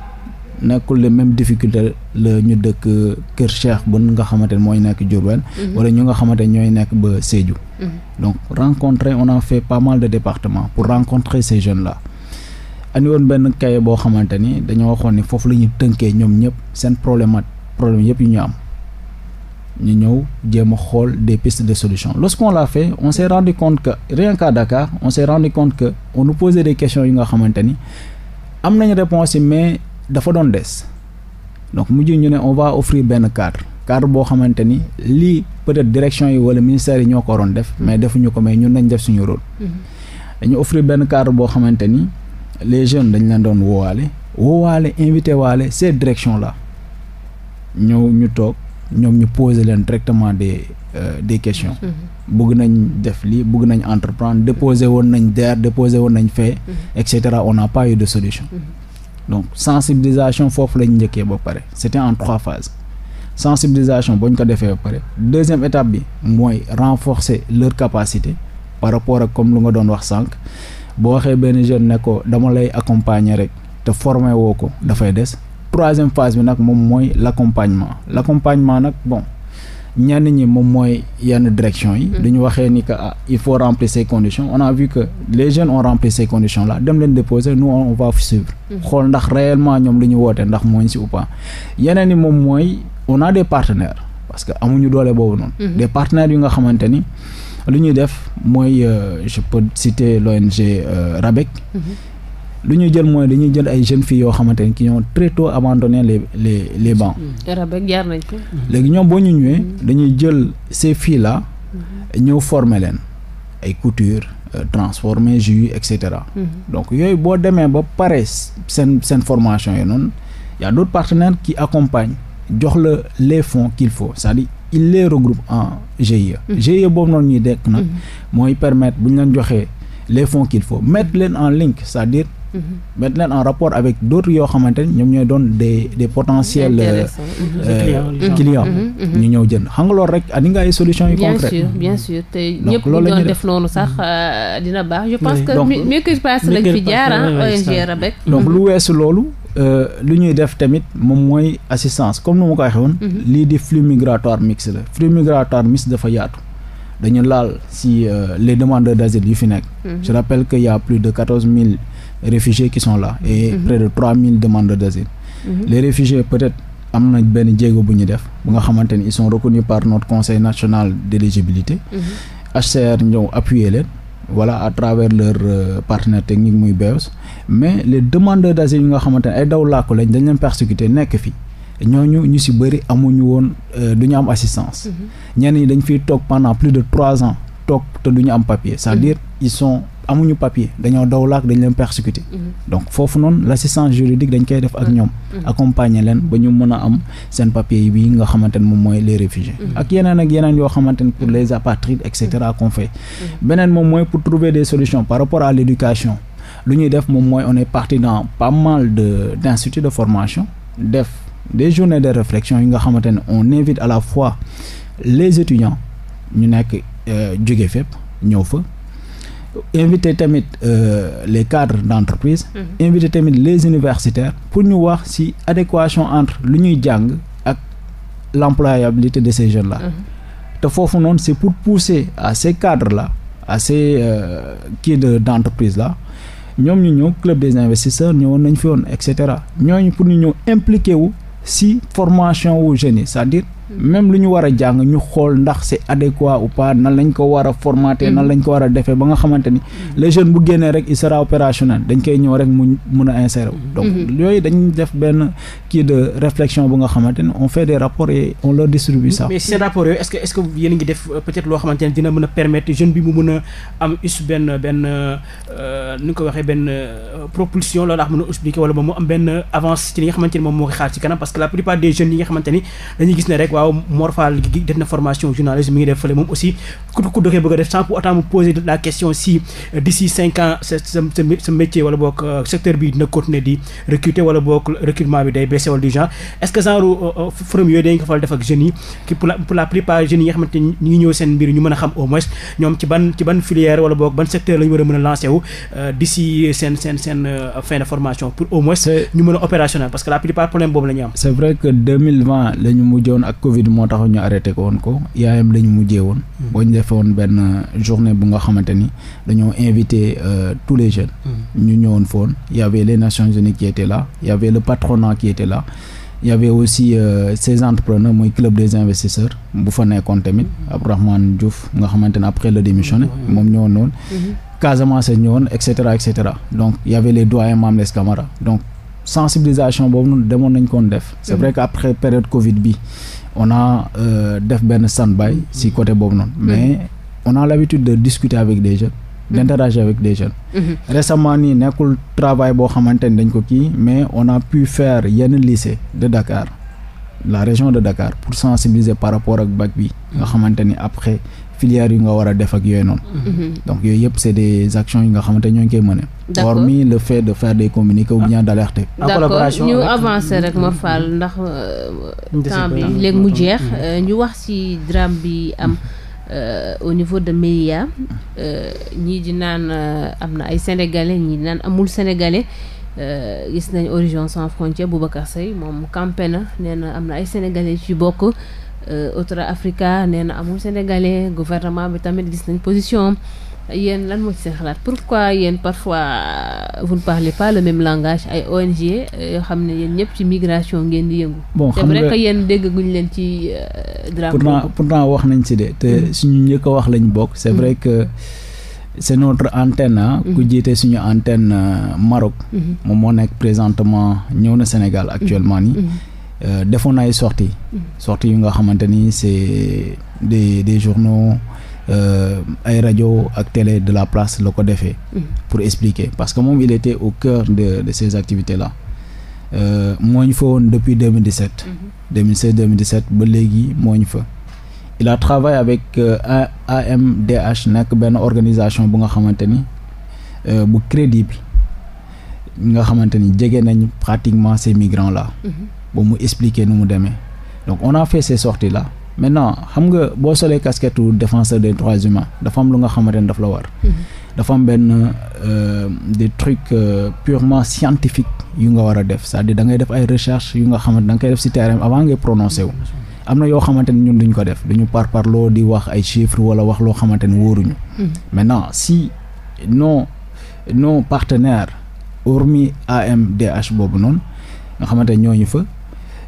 nekkul les mêmes difficultés la ñu dëkk Kër Cheikh bu nga xamante ne mooy nekk Diourbel. Mhm. wala ñu nga xamante ne ñooy nekk ba Sédhiou. Mhm. donc rencontrer on a fait pas mal de départements pour rencontrer ces jeunes la andi benn kaye boo xamante ni dañoo waxoon ni foofu la ñu tënkee ñoom ñëpp seen problème problème yëpp yu ñu am. ñu ñëw jéem a xool de pistes de solution lorsqu'on l'a fait on s'est rendu compte que rien qu'à Dakar on s'est rendu compte que on nous posait nga xamante ni dafa doon des donc mujj ñu ne on va offrir benn cadre cadre boo xamante ni lii peut-être direction yi wala ministère yi ñoo ko doon def mais defuñu ko mais ñun nañ def suñu rôle. Mhm. dañu offrir benn cadre boo xamante ni les jeunes dañu leen doon woowaale woowaale invité waale ces direction là ñëw ñu toog ñoom ñu poser leen directement des euh, des questions. Mhm. bëgg nañ def lii bugg nañ entreprendre déposer woon nañ DER déposer woon nañ fee. Mhm. et cetera on n'a pas eu de solution. donc sensibilisation foofu lañ njëkkee ba pare c'était en trois phases sensibilisation boo ñu ko defee ba pare deuxième étape bi mooy renforcer leur capacité par rapport ak comme lu nga doon wax sànq boo waxee benn jeune ne ko dama lay accompagner rek te formé woo ko dafay des troisième phase bi nag moom mooy l'accompagnement l'accompagnement nag bon ñenn ñi moom mooy yenn direction yi. Mm. ñu waxee ni que ah, il faut remplir ces conditions on a vu que les jeunes ont rempli ces conditions là dem leen déposer nous on va suivre. Mm. xool ndax réellement ñoom lu ñu woote ndax mooñ si ou pas yeneen yi moom mooy on a des partenaires parce que amuñu doole boobu noonu. Mm-hmm. des partenaires yu nga xamante ni. lu ñuy def mooy euh, je peux citer l'ONG euh, lu ñuy jël mooy dañuy jël ay jeunes filles yoo xamante ne qui ont très tôt le les les les bancs. Hmm. Hmm. léegi ñoom boo ñu ñëwee hmm. dañuy jël ces fii la ñëw forme leen ay couture euh, transformer jus et cetera. donc yooyu boo demee ba pare seen seen formation yi noonu y a d'autres partenaires qui accompagnent jox la les fonds qu'il faut c'est-à-dire il les regroupe en GIE. GIE boobu noonu ñuy dekk nag. mooy permettre bu ñu leen joxee les fonds qu'il faut mettre leen en link c'est-à-dire Mm-hmm. maintenant en rapport avec d'autres yoo xamante ne ñoom ñooy doon des des potentiels euh, mm-hmm. euh, clients mm-hmm. ñu ñëw jënd xam nga loolu rek andi nga ay solutions yu concrètes bien sûr bien sûr te ñëpp euh, donc lu weesu loolu lu ñuy def tamit moom mooy assistance comme nu ma ko waxee lii di flux migratoire mixte la flux migratoire mixte dafa yaatu dañu laal si les demandeurs d'asile yu fi nekk je rappelle que y plus de quatorze mille réfugiés qui sont là et mm -hmm. près de 3000 demandeurs d'asile mm -hmm. les peut-être am na benn jéego bu ñu def bu nga xamante ni ils sont reconnus par notre conseil national d'éligibilité HCR mhm. ñëw appuyer leen voilà à travers leur euh, partenaire technique muy BEOS mais les demandeurs d'asile yi nga xamante ne ay daw làkku lañ dañ leen persécuté nekk fii ñoo ñu ñu si bëri amuñu woon euh, du ñu am assistance mhm. ñenn ñi dañ fiy toog pendant plus de trois ans toog t du ñu am papier c'est-à-dire mhm. amuñu papier dañoo daw laak dañ leen persécuté mhm. donc foofu noonu l' assistance juridique dañ koy def ak ñoom mhm. Mhm. accompagner leen ba ñu mën a am seen papier yi nga xamante ne moom mooy les réfugiés ak yeneen ak yeneen yoo xamante ne pour les apatrides et cetera qu'on fait beneen moom mooy pour trouver des solution par rapport à l' lu ñuy def moom mooy on est parti dans pas mal de d' instituts de formation def des journées de réflexion yi nga xamante ne on invite à la fois les étudiants ñu nekk euh, jóge fépp ñëw fa invité tamit euh, les cadres d'entreprise mhm. invité tamit les universitaires pour ñu wax si adéquation entre lu ñuy jàng ak l'employabilité de ces jeunes la mhm. te foofu noonu c'est pour pousser à ces cadres la à ces kii euh, de d'entreprise là ñoom ñu ñëw club des investisseurs ñëwoon nañ fi woon et cetera ñooñu pour ñu ñëw impliqué wu ci formation wu jeunes yi cest dire même lu ñu war a jàng ñu xool ndax c'est adéquat ou pas nan lañ ko war a formater nan mm. lañ ko war a defee ba nga xamante ni mm. les jeunes bu génnee rek il sera dañ koy ñëw rek mu mun a insérer donc mm-hmm. yooyu def benn nga xamante ni on fait des rapports et on leur distribue ça. mais ces rapports yooyu est-ce que est-ce que a ngi def euh, peut am us benn benn euh, ñu ko waxee euh, propulsion loolu laa mën a expliquer wala moom mu am benn avance ci li nga xamante ni moom moo koy xaar ci kanam parce que la plupart des jeunes yi nga xamante ni dañuy gis ne rek waaw Mor Fall gi def na formation journaliste mi ngi def fële moom aussi ku ku doxee bëgg a def sans pour autant mu poser la question si euh, d'ici cinq ans sa sa sa métier wala boog euh, secteur bi dina continuer di recruter wala boog recrutement bi day baissé wala du genre est-ce que genre euh, forum yooyu dañ ko faral def ak jeunes yi ki pour la pour la plupart jeunes yi nga xamante ni ñu ngi ñëw seen mbir ñu mën a xam au moins ñoom ci ban ci ban filière wala boog ban secteur la ñu war a mën a lancer wu d'ici seen seen seen fin de formation pour au moins ñu mën a opérationnel parce que la plupart problème boobu la ñu am. c'est vrai que 2020 la ñu mujjoon ak Covid moo tax ñu arrêté ko woon ko yaayam lañ mujjee woon. Hmm. boo ñu defee woon benn euh, journée bu nga xamante ni dañoo invité euh, tous les jeunes. Hmm. ñu ñëwoon foon y avait les Nations Unies qui étaient là y avait le patronat qui était là. y avait aussi euh, ces entrepreneurs mooy club des investisseurs bu fa nekkoon tamit hmm. Abdourahmane Diouf nga xamante ne après le démissionné moom ñëwoon noonu Casamance ñëwoon et cetera et cetera donc y avait les doyens Mamles Camara donc sensibilisation boobu noonu demoon nañ koon def. c'est mhm. vrai que après période Covid bi on a euh, def benn stand si côté boobu noonu. Mhm. mais on a l'habitude de discuter avec des jeunes. Mhm. d'interagir avec des jeunes. récemment nii nekkul travail boo xamante ni dañ ko kii mais on a pu faire yenn lycée de Dakar la région de Dakar pour sensibiliser par rapport ak bac bi. nga xamante ni après. filière yu nga war a def ak yooyu noonu. Mhm. donc yooyu yëpp c' est des actions yi nga xamante ñoo ngi koy mëne. d' le fait de faire des communiqués ou ah. bien d' alerter. en ñu avancé rek ma faal ndax. Euh, temps bi léegi mu jeex mhm. euh, ñu wax ci drame bi am. Euh, au niveau de Melilla euh, ñii di naan am na ay sénégalais ñii di naan amul sénégalais gis nañ Horizon Sans Frontières Boubacar Seye moom campé na am na ay sénégalais ci bokk Otra euh, Africa nee na amul sénégalais gouvernement bi tamit gis nañ position yéen lan moo ci seen xalaat pourquoi yéen parfois euh, vous ne parlez le même langage ay ONG euh, yoo xam ne yéen ñëpp ci migration ngeen di yëngu. bon xam nga c'est vrai que yéen déggaguñ leen ci drapeau. pour pourtant wax nañ si de te mm-hmm. suñu njëkk wax lañu bokk. c'est mm-hmm. vrai que c'est notre antenne ah. ku mm-hmm. jiite suñu antenne Maroc. moom moo nekk présentement ñëw na Sénégal actuellement nii. Euh, defoon ay sorti mm. sorties yu nga xamante ni c'est des des journaux euh, ay rajo ak télé de la place la ko defee mm. pour expliquer parce que moom il était au cœur de de ces activités là euh, moo ñu fa woon depuis 2017 2016 2017 ba léegi moo ñu fa il a travaillé avec AMDH nekk benn organisation bu nga xamante ni bu crédible nga xamante ni jege nañ pratiquement ces migrants là. Mm mm-hmm. ba mu expliquer nu mu demee donc on a fait ces sorties là maintenant xam nga boo solee casquette défenseur des droits humains dafa am lu nga xamante ne daf la war. Mhm. dafa am benn euh, des trucs euh, purement scientifiques yu nga war a def cest dire da ngay def ay recherche yu nga xamante da nga koy def si terrain avant ngay prononcé wu. am na yoo xamante ne ñun duñ ko def duñu par loo di wax ay chiffres wala wax loo xamante ne wóoruñu. Mhm. maintenant si nos partenaire partenaires hormis AMDH boobu noonu nga xamante ne ñooñu fa.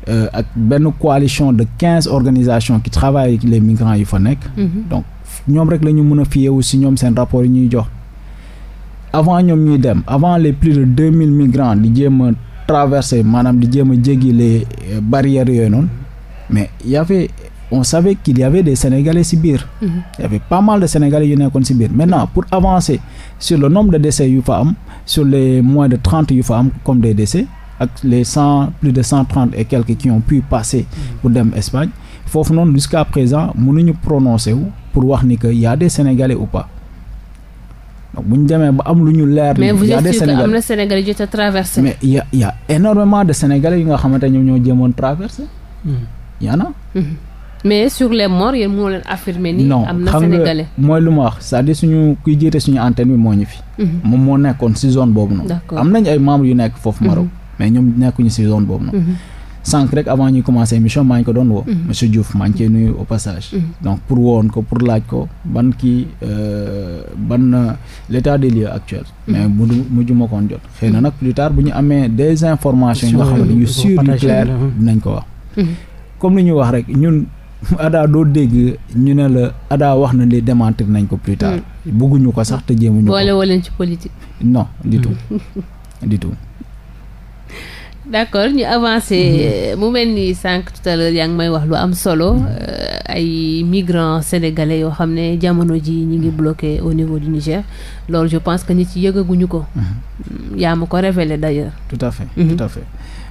Euh, ak benn coalition de quinze organisations qui travaillent avec les migrants yu fa nekk. Mhm. donc ñoom rek la ñu mën a fiyewu si ñoom seen rapport yi ñuy jox. avant ñoom ñuy dem avant les plus de deux mille migrants di jéem a traversé maanaam di jéem a jéggi les euh, barrières yooyu noonu mais y avait on savait qu'il y avait des sénégalais si biir. Mhm. y avait pas mal de sénégalais yu nekkoon si biir maintenant pour avancer sur le nombre de décès yu fa am sur le moins de trente yu fa am comme des décès. ak les cent plus de cent trente et quelques qui ont pu passer mm. pour dem Espagne foofu noonu jusqu'à présent mënuñu prononcé wu pour wax ni que de a des Sénégalais ou pas donc bu ñu demee ba am lu ñu leer. mais vous estimez que am na Sénégalais a traversé. mais y a y a de Sénégalais yi nga xamante ñoom ñoo jéemoon traversé. Mm. y en a. Mm-hmm. mais sur les morts yéen moo leen affirmer ni am na Sénégalais non mooy lu ma wax cest à suñu kuy jiite suñu antenne bi moo ñu fi. Mm-hmm. moom moo nekkoon si zone boobu noonu. am nañ ay membres yu nekk foofu Maroc. Mm-hmm. mais ñoom nekkuñu si zone boobu noonu. Mm-hmm. sànq rek avant ñuy commencé émission maa ko doon woo. Mm-hmm. monsieur Diouf maa ngi cee au passage. Mm-hmm. donc pour woon ko pour laaj ko ban kii euh, ban euh, l' état des lieux mais mu mujj ma koon jot. xëy na nag plus tard bu ñu amee des informations. nga xam ne yu sûr yu clair dinañ ko wax. comme ni ñu wax rek ñun. Ada doo dégg ñu ne la adaa wax na li démentir nañ ko plus tard. bëgguñu ko sax te jéemuñu ko. boole woo leen ci politique. non d'accord ñu avancé mhm. mu mel ni sànq tout à l'heure yaa ngi may wax lu am solo mhm. euh, ay migrants sénégalais yoo xam ne jamono ji ñu ngi bloqué au niveau du Niger loolu je pense que nit ci yëgaguñu ko mhm. yaa ma ko révélé day tout à fait tout à fait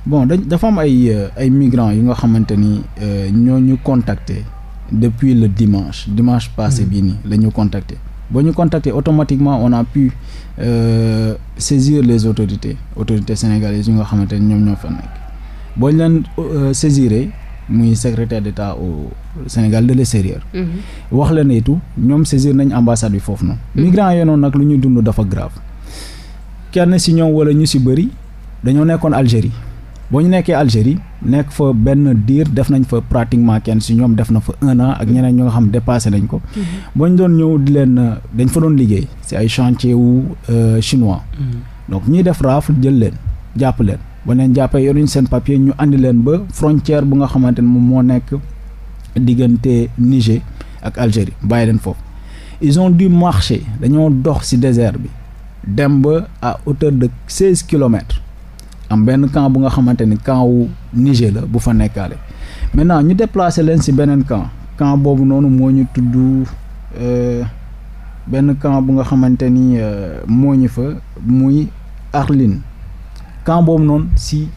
bon dañ dafa am ay euh, ay migrants yi nga xamante ni euh, ñooñu ñu contacté depuis le dimanche dimanche passé bii nii la ñu contacté ba ñu contacter automatiquement on a pu euh, saisir les autorités autorités sénégalaises yi nga xamante ne ñoom ñoo fa nekk boo ñu leen euh, saisiré muy secrétaire d'État au Sénégal de l'extérieur mm-hmm. wax la ne tout ñoom saisir nañ ambassade bi foofu noonu. Mm-hmm. migrants yi noonu nag lu ñu dund dafa grave kenn si ñoom wala ñu si bëri dañoo nekkoon Algérie. boo ñu nekkee Algérie nekk fa benn diir def nañ fa pratiquement kenn si ñoom def na fa un ak ñeneen ñu nga xam dépassé nañ ko. Mhm. boo ñu doon ñëw di leen dañ fa doon liggéey si ay chantier wu euh, chinois. Mhm. donc ñuy def raafle jël leen jàpp leen ba leen jàppee yoruñ seen papier ñu andi leen ba frontière bu nga xamante ne moom moo nekk diggante Niger ak Algérie bàyyi leen foofu. ils ont dû dañoo dox si désert bi dem ba à hauteur de seize kilomètres. am benn camp bu nga xamante ni camp wu Niger la bu fa nekkaale maintenant ñu déplacé leen si beneen camp kan boobu noonu moo ñu tudd euh, benn camp bu nga xamante ni euh, moo ñu fa muy Arline camp boobu noonu si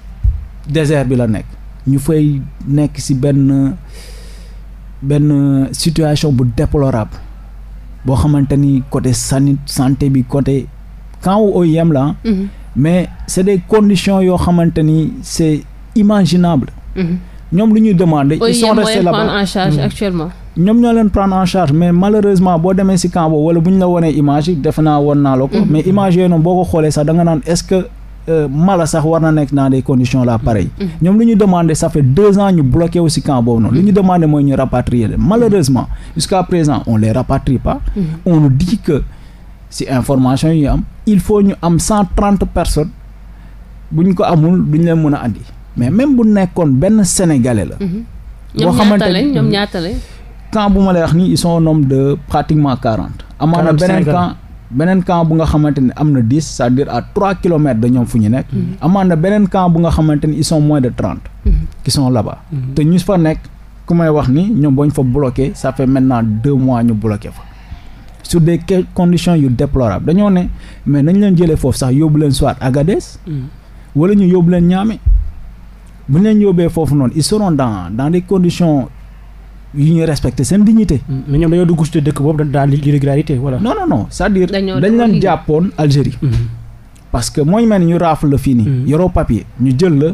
désert bi la nekk ñu fay nekk si benn benn situation bu déplorable boo xamante ni côté sanit santé bi côté camp wu OIM la mhm. mais c'est des conditions yoo xamante ni c'est imaginable. Mhm. ñoom lu ñuy demander. ils sont restés là-bas mhm. ñoom ñoo leen prendre en charge mais malheureusement boo demee ci camp boobu wala la wonee image defe naa won naa mhm. mais image yooyu boo ko xoolee sax da nga naan ce que. Euh, mala sax war na nekk naa des conditions là pareil ñoom lu ñuy demandé ça fait deux ans ñu bloqué si camp boobu noonu lu ñu demandé mooy ñu rapatrier leen malheureusement jusqu'à présent on les rapatrie pas on nous dit si information yi am il faut ñu am cent trente personnes buñ ko amul duñ leen mën a andi mais même bu nekkoon benn sénégalais la. Mhm. boo xamante ne ñaata lañ camp bu ma lay wax nii ils sont au nombre de pratiquement quarante. amaana beneen camp beneen bu nga xamante ne am na dix cest à à trois kilomètres de ñoom fu ñu nekk. Mhm. amaana beneen camp bu nga xamante ni ils sont de trente. Mhm. qui sont là-bas. te ñu fa nekk ku may wax ni ñoom boo ñu fa bloqué ça fait maintenant deux mois ñu bloqué fa. sur des conditions yu déplorables dañoo ne mais nañ leen jëlee foofu sax yóbbu leen soit Agadez. Mm. wala ñu yóbbu leen Niamey. bu ñu leen yóbbee foofu noonu ils seront dans dans des conditions yu ñuy respecter seen dignité. Mm. mais ñoom dañoo dugg ci dëkk boobu dans l'irrégularité voilà. non non non c'est-à-dire. dañ leen jàppoon Algérie. Mm-hmm. parce que mooy mel ni ñu raaful la fii nii. Mm. yoroo papier ñu jël la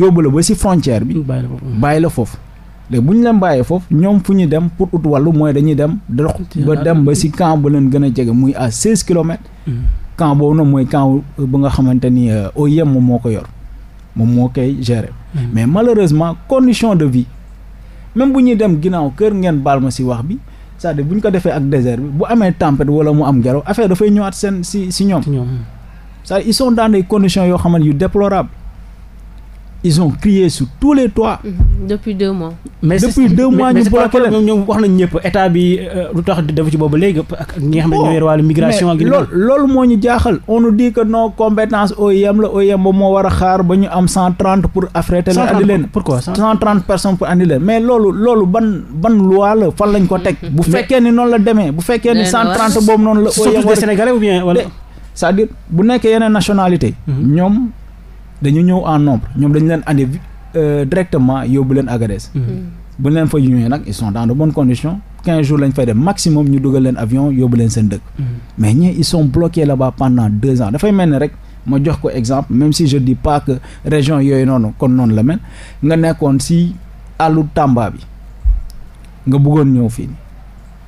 yóbbu la ba ci frontière bi. bàyyi la foofu. léegi bu ñu leen bàyyee foofu ñoom fu ñuy dem pour ut wàllu mooy dañuy dem dox ba dem ba si camp ba leen gën a jege muy à seize kilomètres mm. camp boobu nag mooy camp bu nga xamante ni euh, OIM moom moo ko yor moom moo koy gérer mm. mais malheureusement condition de vie même bu ñuy dem ginnaaw kër ngeen baal ma si wax bi cest à bu ñu ko defee ak désert bi bu amee tempête wala mu am ngelaw affaire dafay ñëwaat seen si si ñoom c'est-à-dire ils sont conditions yoo xamante yu déplorables ils ont les toits. Mm-hmm. depuis deux mois. mais depuis deux ñëpp état bi euh, lu tax def ci boobu léegi ak ñi nga xam ne ñoo loolu loolu moo ñu jaaxal. on nous dit que nos la OIM ba moo war a xaar ba ñu am cent trente pour affréter leen andi leen pourquoi cent trente personnes pour andi leen mais loolu loolu ban ban loi la fan lañ ko teg. Mm-hmm. bu fekkee ni noonu la demee bu fekkee ni cent trente boobu noonu la. OIM surtout des Sénégalais ou bien wala cest à bu nekkee yeneen nationalité mm-hmm. ñoom dañu ñëw en nombre ñoom dañu leen andi euh, directement yóbbu leen Agadez. Mm-hmm. bu leen fa ñëwee nag ils sont dans de bonnes conditions quinze jours lañ fay def maximum ñu dugal leen avion yóbbu leen seen dëkk. Mm-hmm. mais ñii ils sont bloqués là-bas pendant deux ans dafay mel ni rek. ma jox ko exemple même si je dis pas que région yooyu noonu kon noonu la mel nga nekkoon si àllu Tamba bi nga buggoon ñëw fii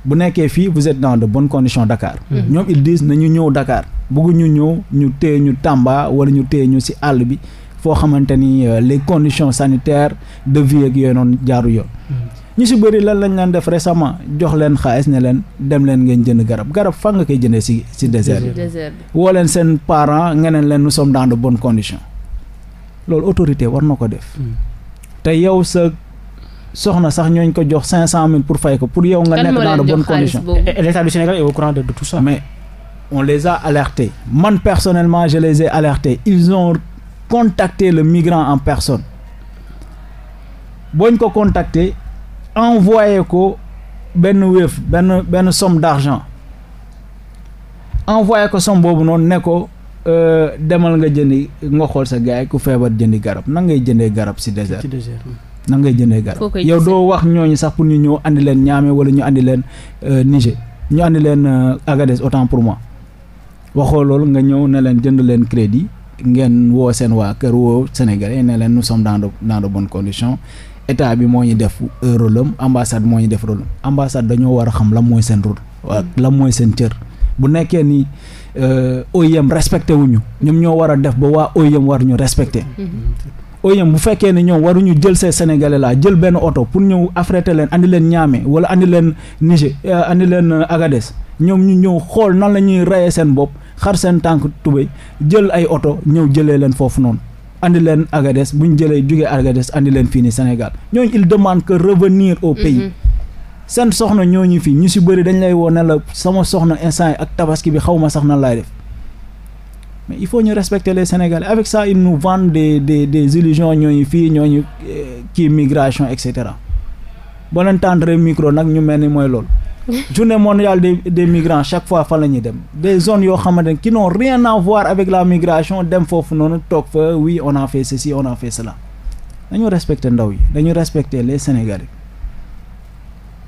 bu nekkee fii vous êtes dans de bonnes conditions Dakar. ñoom ils disent nañu ñëw Dakar bëgguñu ñëw ñu téye ñu Tamba wala ñu téye ñu ci àll bi foo xamante ni euh, les conditions sanitaire de vie ak yooyu noonu jaaru yoon. ñu si bëri lan lañ leen def récemment jox leen xaalis ne leen dem leen ngeen jënd garab garab fan nga koy jëndee ci ci désert bi. woo leen seen parent nga leen nous sommes dans de bonnes conditions loolu autorité war na ko def. Mm. te yow sa soxna sax ñooñ ko jox cinq cent mille pour fay ko pour yow nga nekk dans de bonnes conditions l'état du Sénégal est au mais on les a alertés man personnellement je les ai alertés ils ont contacté le migrant en personne booñ ko contacté envoyé ko benn wéef benn benn somme d'argent envoyé ko somme boobu noonu ne ko euh, demal nga jëndi nga xool sa gars yi ku feebar jëndi garab nan ngay jëndee garab ci désert hmm. nan ngay jëndee garab yow doo wax ñooñu sax pour ñu ñëw andi leen Niamey wala ñu andi leen euh, Niger ñu andi leen euh, Agadez autant pour moi waxoo loolu nga ñëw ne leen jënd leen crédit ngeen woo seen waa kër woo Sénégalais ne leen nous sommes dans bon condition état bi moo ñu def euh, rôle am ambassade moo ñu def rôle am dañoo war a xam la mooy seen rôle. waaw mm. lan mooy seen cër bu nekkee ni OIM respecté wuñu ñoom ñoo war a def ba waa OIM respecté. Mm-hmm. OIM e bu fekkee ne ñoom waruñu jël ces sénégalais là jël benn oto pour ñëw affrété leen andi leen Niamey wala andi leen Niger euh, andi leen euh, agades ñoom ñu ñëw xool nan la ñuy reyee seen bopp xar seen tànk tubéy jël ay oto ñëw jëlee leen foofu noonu andi leen agades bu ñu jëlee jugee Agadez indi leen fii nii Sénégal ñooñu il demande que revenir au pays. Mm-hmm. seen soxna ñooñu fii ñu si bëri dañ lay woo ne la sama soxna instant yi ak tabaski bi xaw sax na laay def. mais il faut ñu respecter les Sénégalais avec ça ils nous vendent des des des illusions ñooñu fii ñoo ñooñu euh, kii migration et cetera boo leen micro nag ñu mel ni mooy loolu. journée mondiale de des migrants chaque fois fan la ñuy dem des zone yoo xamante ne qui n'ont rien à avec la migration dem foofu noonu toog fa oui on a fait ceci on a fait cela dañu respecter ndaw yi dañu respecter les Sénégalais.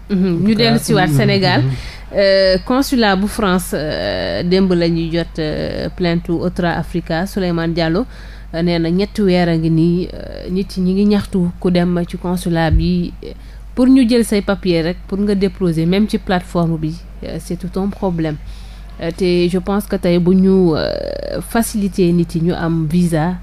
Mmh, ñu dellu si waat Sénégal. Mmh, mmh, Euh, consulat bu France euh, démb la ñuy jot euh, plainte Otra Africa Souleymane Diallo nee na ñetti weer a ngi nii nit ñi ngi ñaxtu ku dem ci consulat bi pour ñu jël say papier rek pour nga déposer même ci plateforme bi c'est tout un problème te je pense que tey bu ñu faciliter nit yi ñu am visa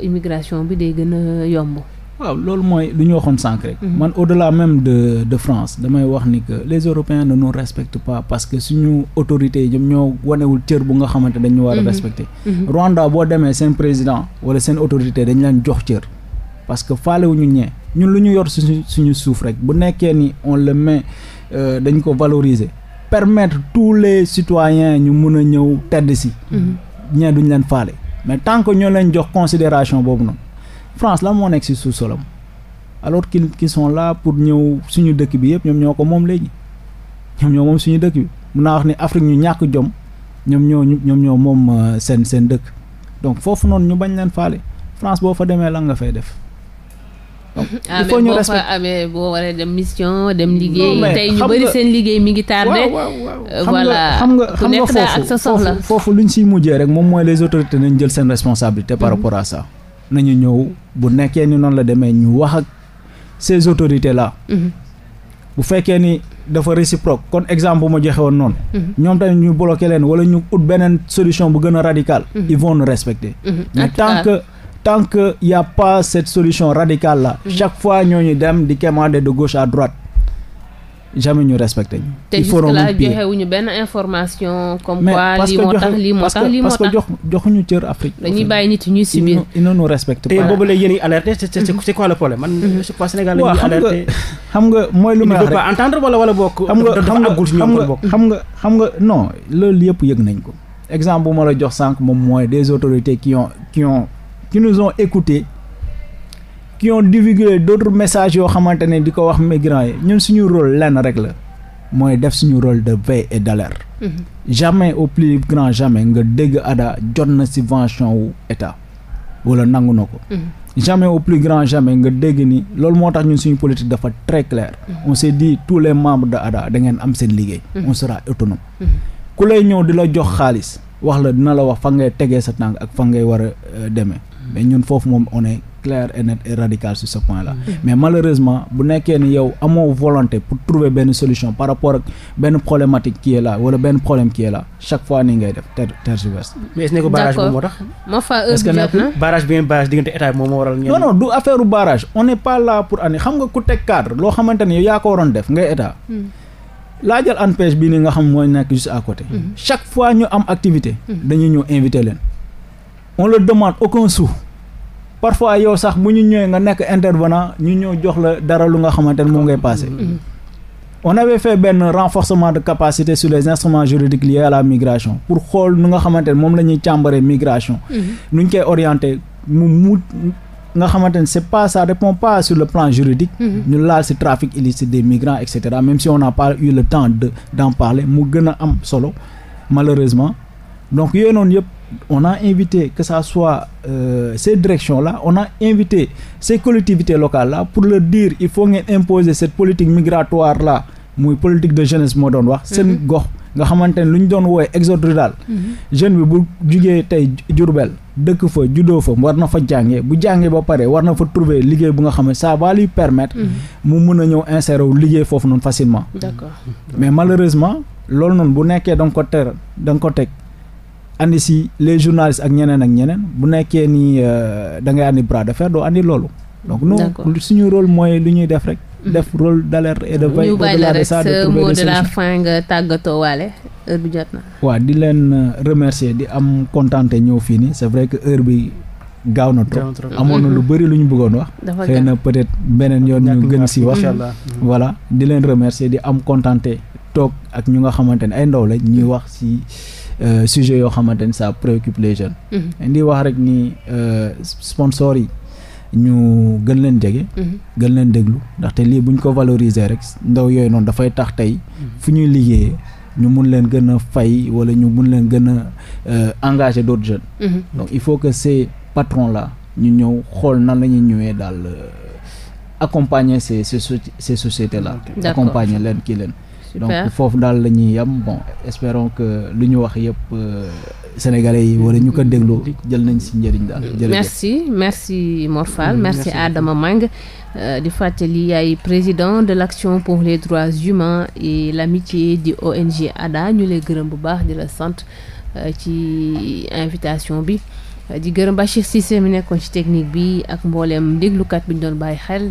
immigration bi day gën a yomb waaw loolu mooy lu ñu waxoon sànq rek. Mhm. man au-delà même de de France damay wax ni que les Européens na nous respecte pas parce que suñu autorités yi ñoom ñoo wanewul cër bu nga xamante dañ ñu war a mhm. respecter. Mhm. Rwanda boo demee seen président wala seen autorité dañ leen jox cër parce que wu ñu ñee ñun lu ñu yor suñu suñu suuf rek bu nekkee ni on le met euh, dañ ko valoriser permettre tous les citoyens ñu mun a ñëw tedd si. ñee duñu leen faale mais tant que ñoo leen jox considération boobu noonu. France la moo nekk si sous-solom alors qu'ils qui son la pour ñëw suñu dëkk bi yëpp ñoom ñoo ko moom léegi ñoom ñoo moom suñu dëkk bi mun naa wax ni Afrique ñu ñàkk jom ñoom ñoo ñoom ñoo moom euh, seen seen dëkk donc foofu noonu ñu bañ leen faale France boo fa demee lan nga fay def. donc il ah, faut ñu respecté amee boo waree dem mission dem liggéey. tey ñu seen liggéey mi ngi tardé. Euh, voilà xam nga xam nga foofu foofu luñ siy mujjee rek moom mooy les autorités nañ jël seen responsabilité par mm-hmm. rapport à ça. nañu ñëw bu nekkee ni noonu la demee ñu wax ak ces autorités la mhm. bu fekkee ni dafa réciproque kon exemple bu ma woon noonu. Mhm. ñoom tamit ñu bloqué leen wala ñu ut beneen solution bu gën a radicale. Mhm. ils vont nous respecter. mais tant que tant que y a pas cette solution radicale là. chaque fois ñooñu dem di quémander de gauche à droite. jamais ñu respecté ñu. il faut rompre te jusque là joxewuñu benn information. comme quoi lii moo tax lii moo tax lii moo tax parce que jox joxuñu cër Afrique. dañuy bàyyi nit ñuy subir. ils ne nous respectent pas. boobu la yéen a alerté c'est quoi le problème man. je mm-hmm. crois Sénégal la ñuy alerté xam nga mooy lu may wax rek pas entendre wala wala bokk. xam nga xam nga xam nga xam nga non loolu yëpp yëg nañ ko exemple bu ma la jox sànq moom mooy des autorités qui ont qui ont qui nous ont écouté qui ont divulgué d'autres messages yoo xamante ne di ko wax migrants yi ñun suñu rôle lenn rek la mooy def suñu rôle de veille et d'alerte mhm. jamais au plus grand jamais nga dégg ada jot na subvention wu état wala nangu na ko mhm. jamais au plus grand jamais nga dégg ni loolu moo tax ñun suñu politique dafa très claire mhm. on s'est dit tous les membres de ADHA da ngeen am seen liggéey on sera autonome ku lay ñëw di la jox xaalis wax la dina la wax fa ngay tegee sa tànk ak fa ngay war a euh, demee mais ñun foofu moom on clair et net et radical sur ce point-là. Mm-hmm. mais malheureusement bu nekkee ni yow amoo volonté pour trouver benn solution par rapport ak benn problématique qui est là wala benn problème qui est chaque fois ni ngay def ter tergiverse. mais est-ce que barrage boobu moo tax. moo fa heure bi na barrage bi ngeen barrage diggante état bi moom waral. non non du affaire barrage on n'est pas là pour année xam nga ku teg cadre loo xamante ni yow yaa ko waroon def ngay état. Hmm. laajal ANPEJ bii nga xam mooy nekk juste à hmm. chaque fois ñu am activité. Hmm. dañuy ñëw invité leen. on leur demande aucun parfois yow sax mu ñu ñëwee nga nekk intervenant ñu ñëw jox la dara lu nga xamante ne moom ngay passé mm-hmm. Mm-hmm. on avait fait benn renforcement de capacité sur les instruments juridiques liés la migration pour xool nu nga xamante ne moom la ñuy càmbare migration mm-hmm. nu ñu koy orienté mu mu nga xamante ne c'est pas ça répond sur le plan juridique ñu laal ci trafic illicite des migrants et cetera même si on n'a pas eu le temps de d'en mu gën a am solo malheureusement donc yooyu noonu yëpp on a invité que ça soit euh, ces directions là on a invité ces collectivités locales la pour leur dire il faut ngeen imposer cette politique migratoire la muy politique de jeunesse moo doon wax seen mhm. gox nga xamante ne lu ñu doon woowee exode rural mhm. jeune bi bu jugee tey Jurbel dëkk fa juddoo fa war na fa jàngee bu jàngee ba pare war na fa trouver liggéey bu nga xam ne ça va lui permettre mhm. mu mën a ñëw insérer wu liggéey foofu noonu facilement d'accord mais malheureusement loolu noonu bu nekkee ko ter da nga ko teg andi si les journalistes ak ñeneen ak ñeneen bu nekkee ni euh, da ngay andi bras de fer doo andi loolu. donc nous suñu rôle mooy lu ñuy def rek. Mhm. def rôle d'alerte et de veille au-delà de ça de trouver des solutions ñu bàyyi la rek mot de la fin nga tàggatoo waale heure bi jot na. waaw di leen euh, remercier di am kontante ñëw fii nii c'est vrai que heure bi gaaw na trop amoon na lu mhm. bëri lu ñu bëggoon wax. xëy na peut-être beneen yoon ñu gën si wax. Mhm. voilà di leen remercier di am kontante toog ak ñu nga xamante ne ay ndaw la ñuy wax si. Euh, sujet yoo xamante ni ça préoccupe les jeunes. Mm-hmm. indi wax rek ni euh, sponsor yi ñu gën leen jege. Mm-hmm. gën leen déglu ndaxte lii bu ñu ko valoriser rek ndaw yooyu noonu dafay tax tey mm-hmm. fu ñuy liggéeyee. ñu mun leen gën a fay wala ñu mun leen gën a euh, engager d'autres jeunes. Mm -hmm. donc il faut que ces patrons là ñu ñëw xool nan la ñuy ñëwee daal accompagner ces ces ces sociétés là. accompagner leen kii leen. super donc foofu daal la ñuy yam bon espérons que lu ñu wax yëpp euh, sénégalais yi wala ñu ko déglu jël nañ si njëriñ daal. merci merci Mor merci aadama Mang euh, di fàttali yaay président de l' pour les droits humains et l' amitié di ONG ada ñu lay gërëm bu baax di la sant euh, ci invitation bi di gërëm Bachir Cissé yi nekkoon ci technique bi ak mbooleem déglukat bi ñu doon bàyyi xel.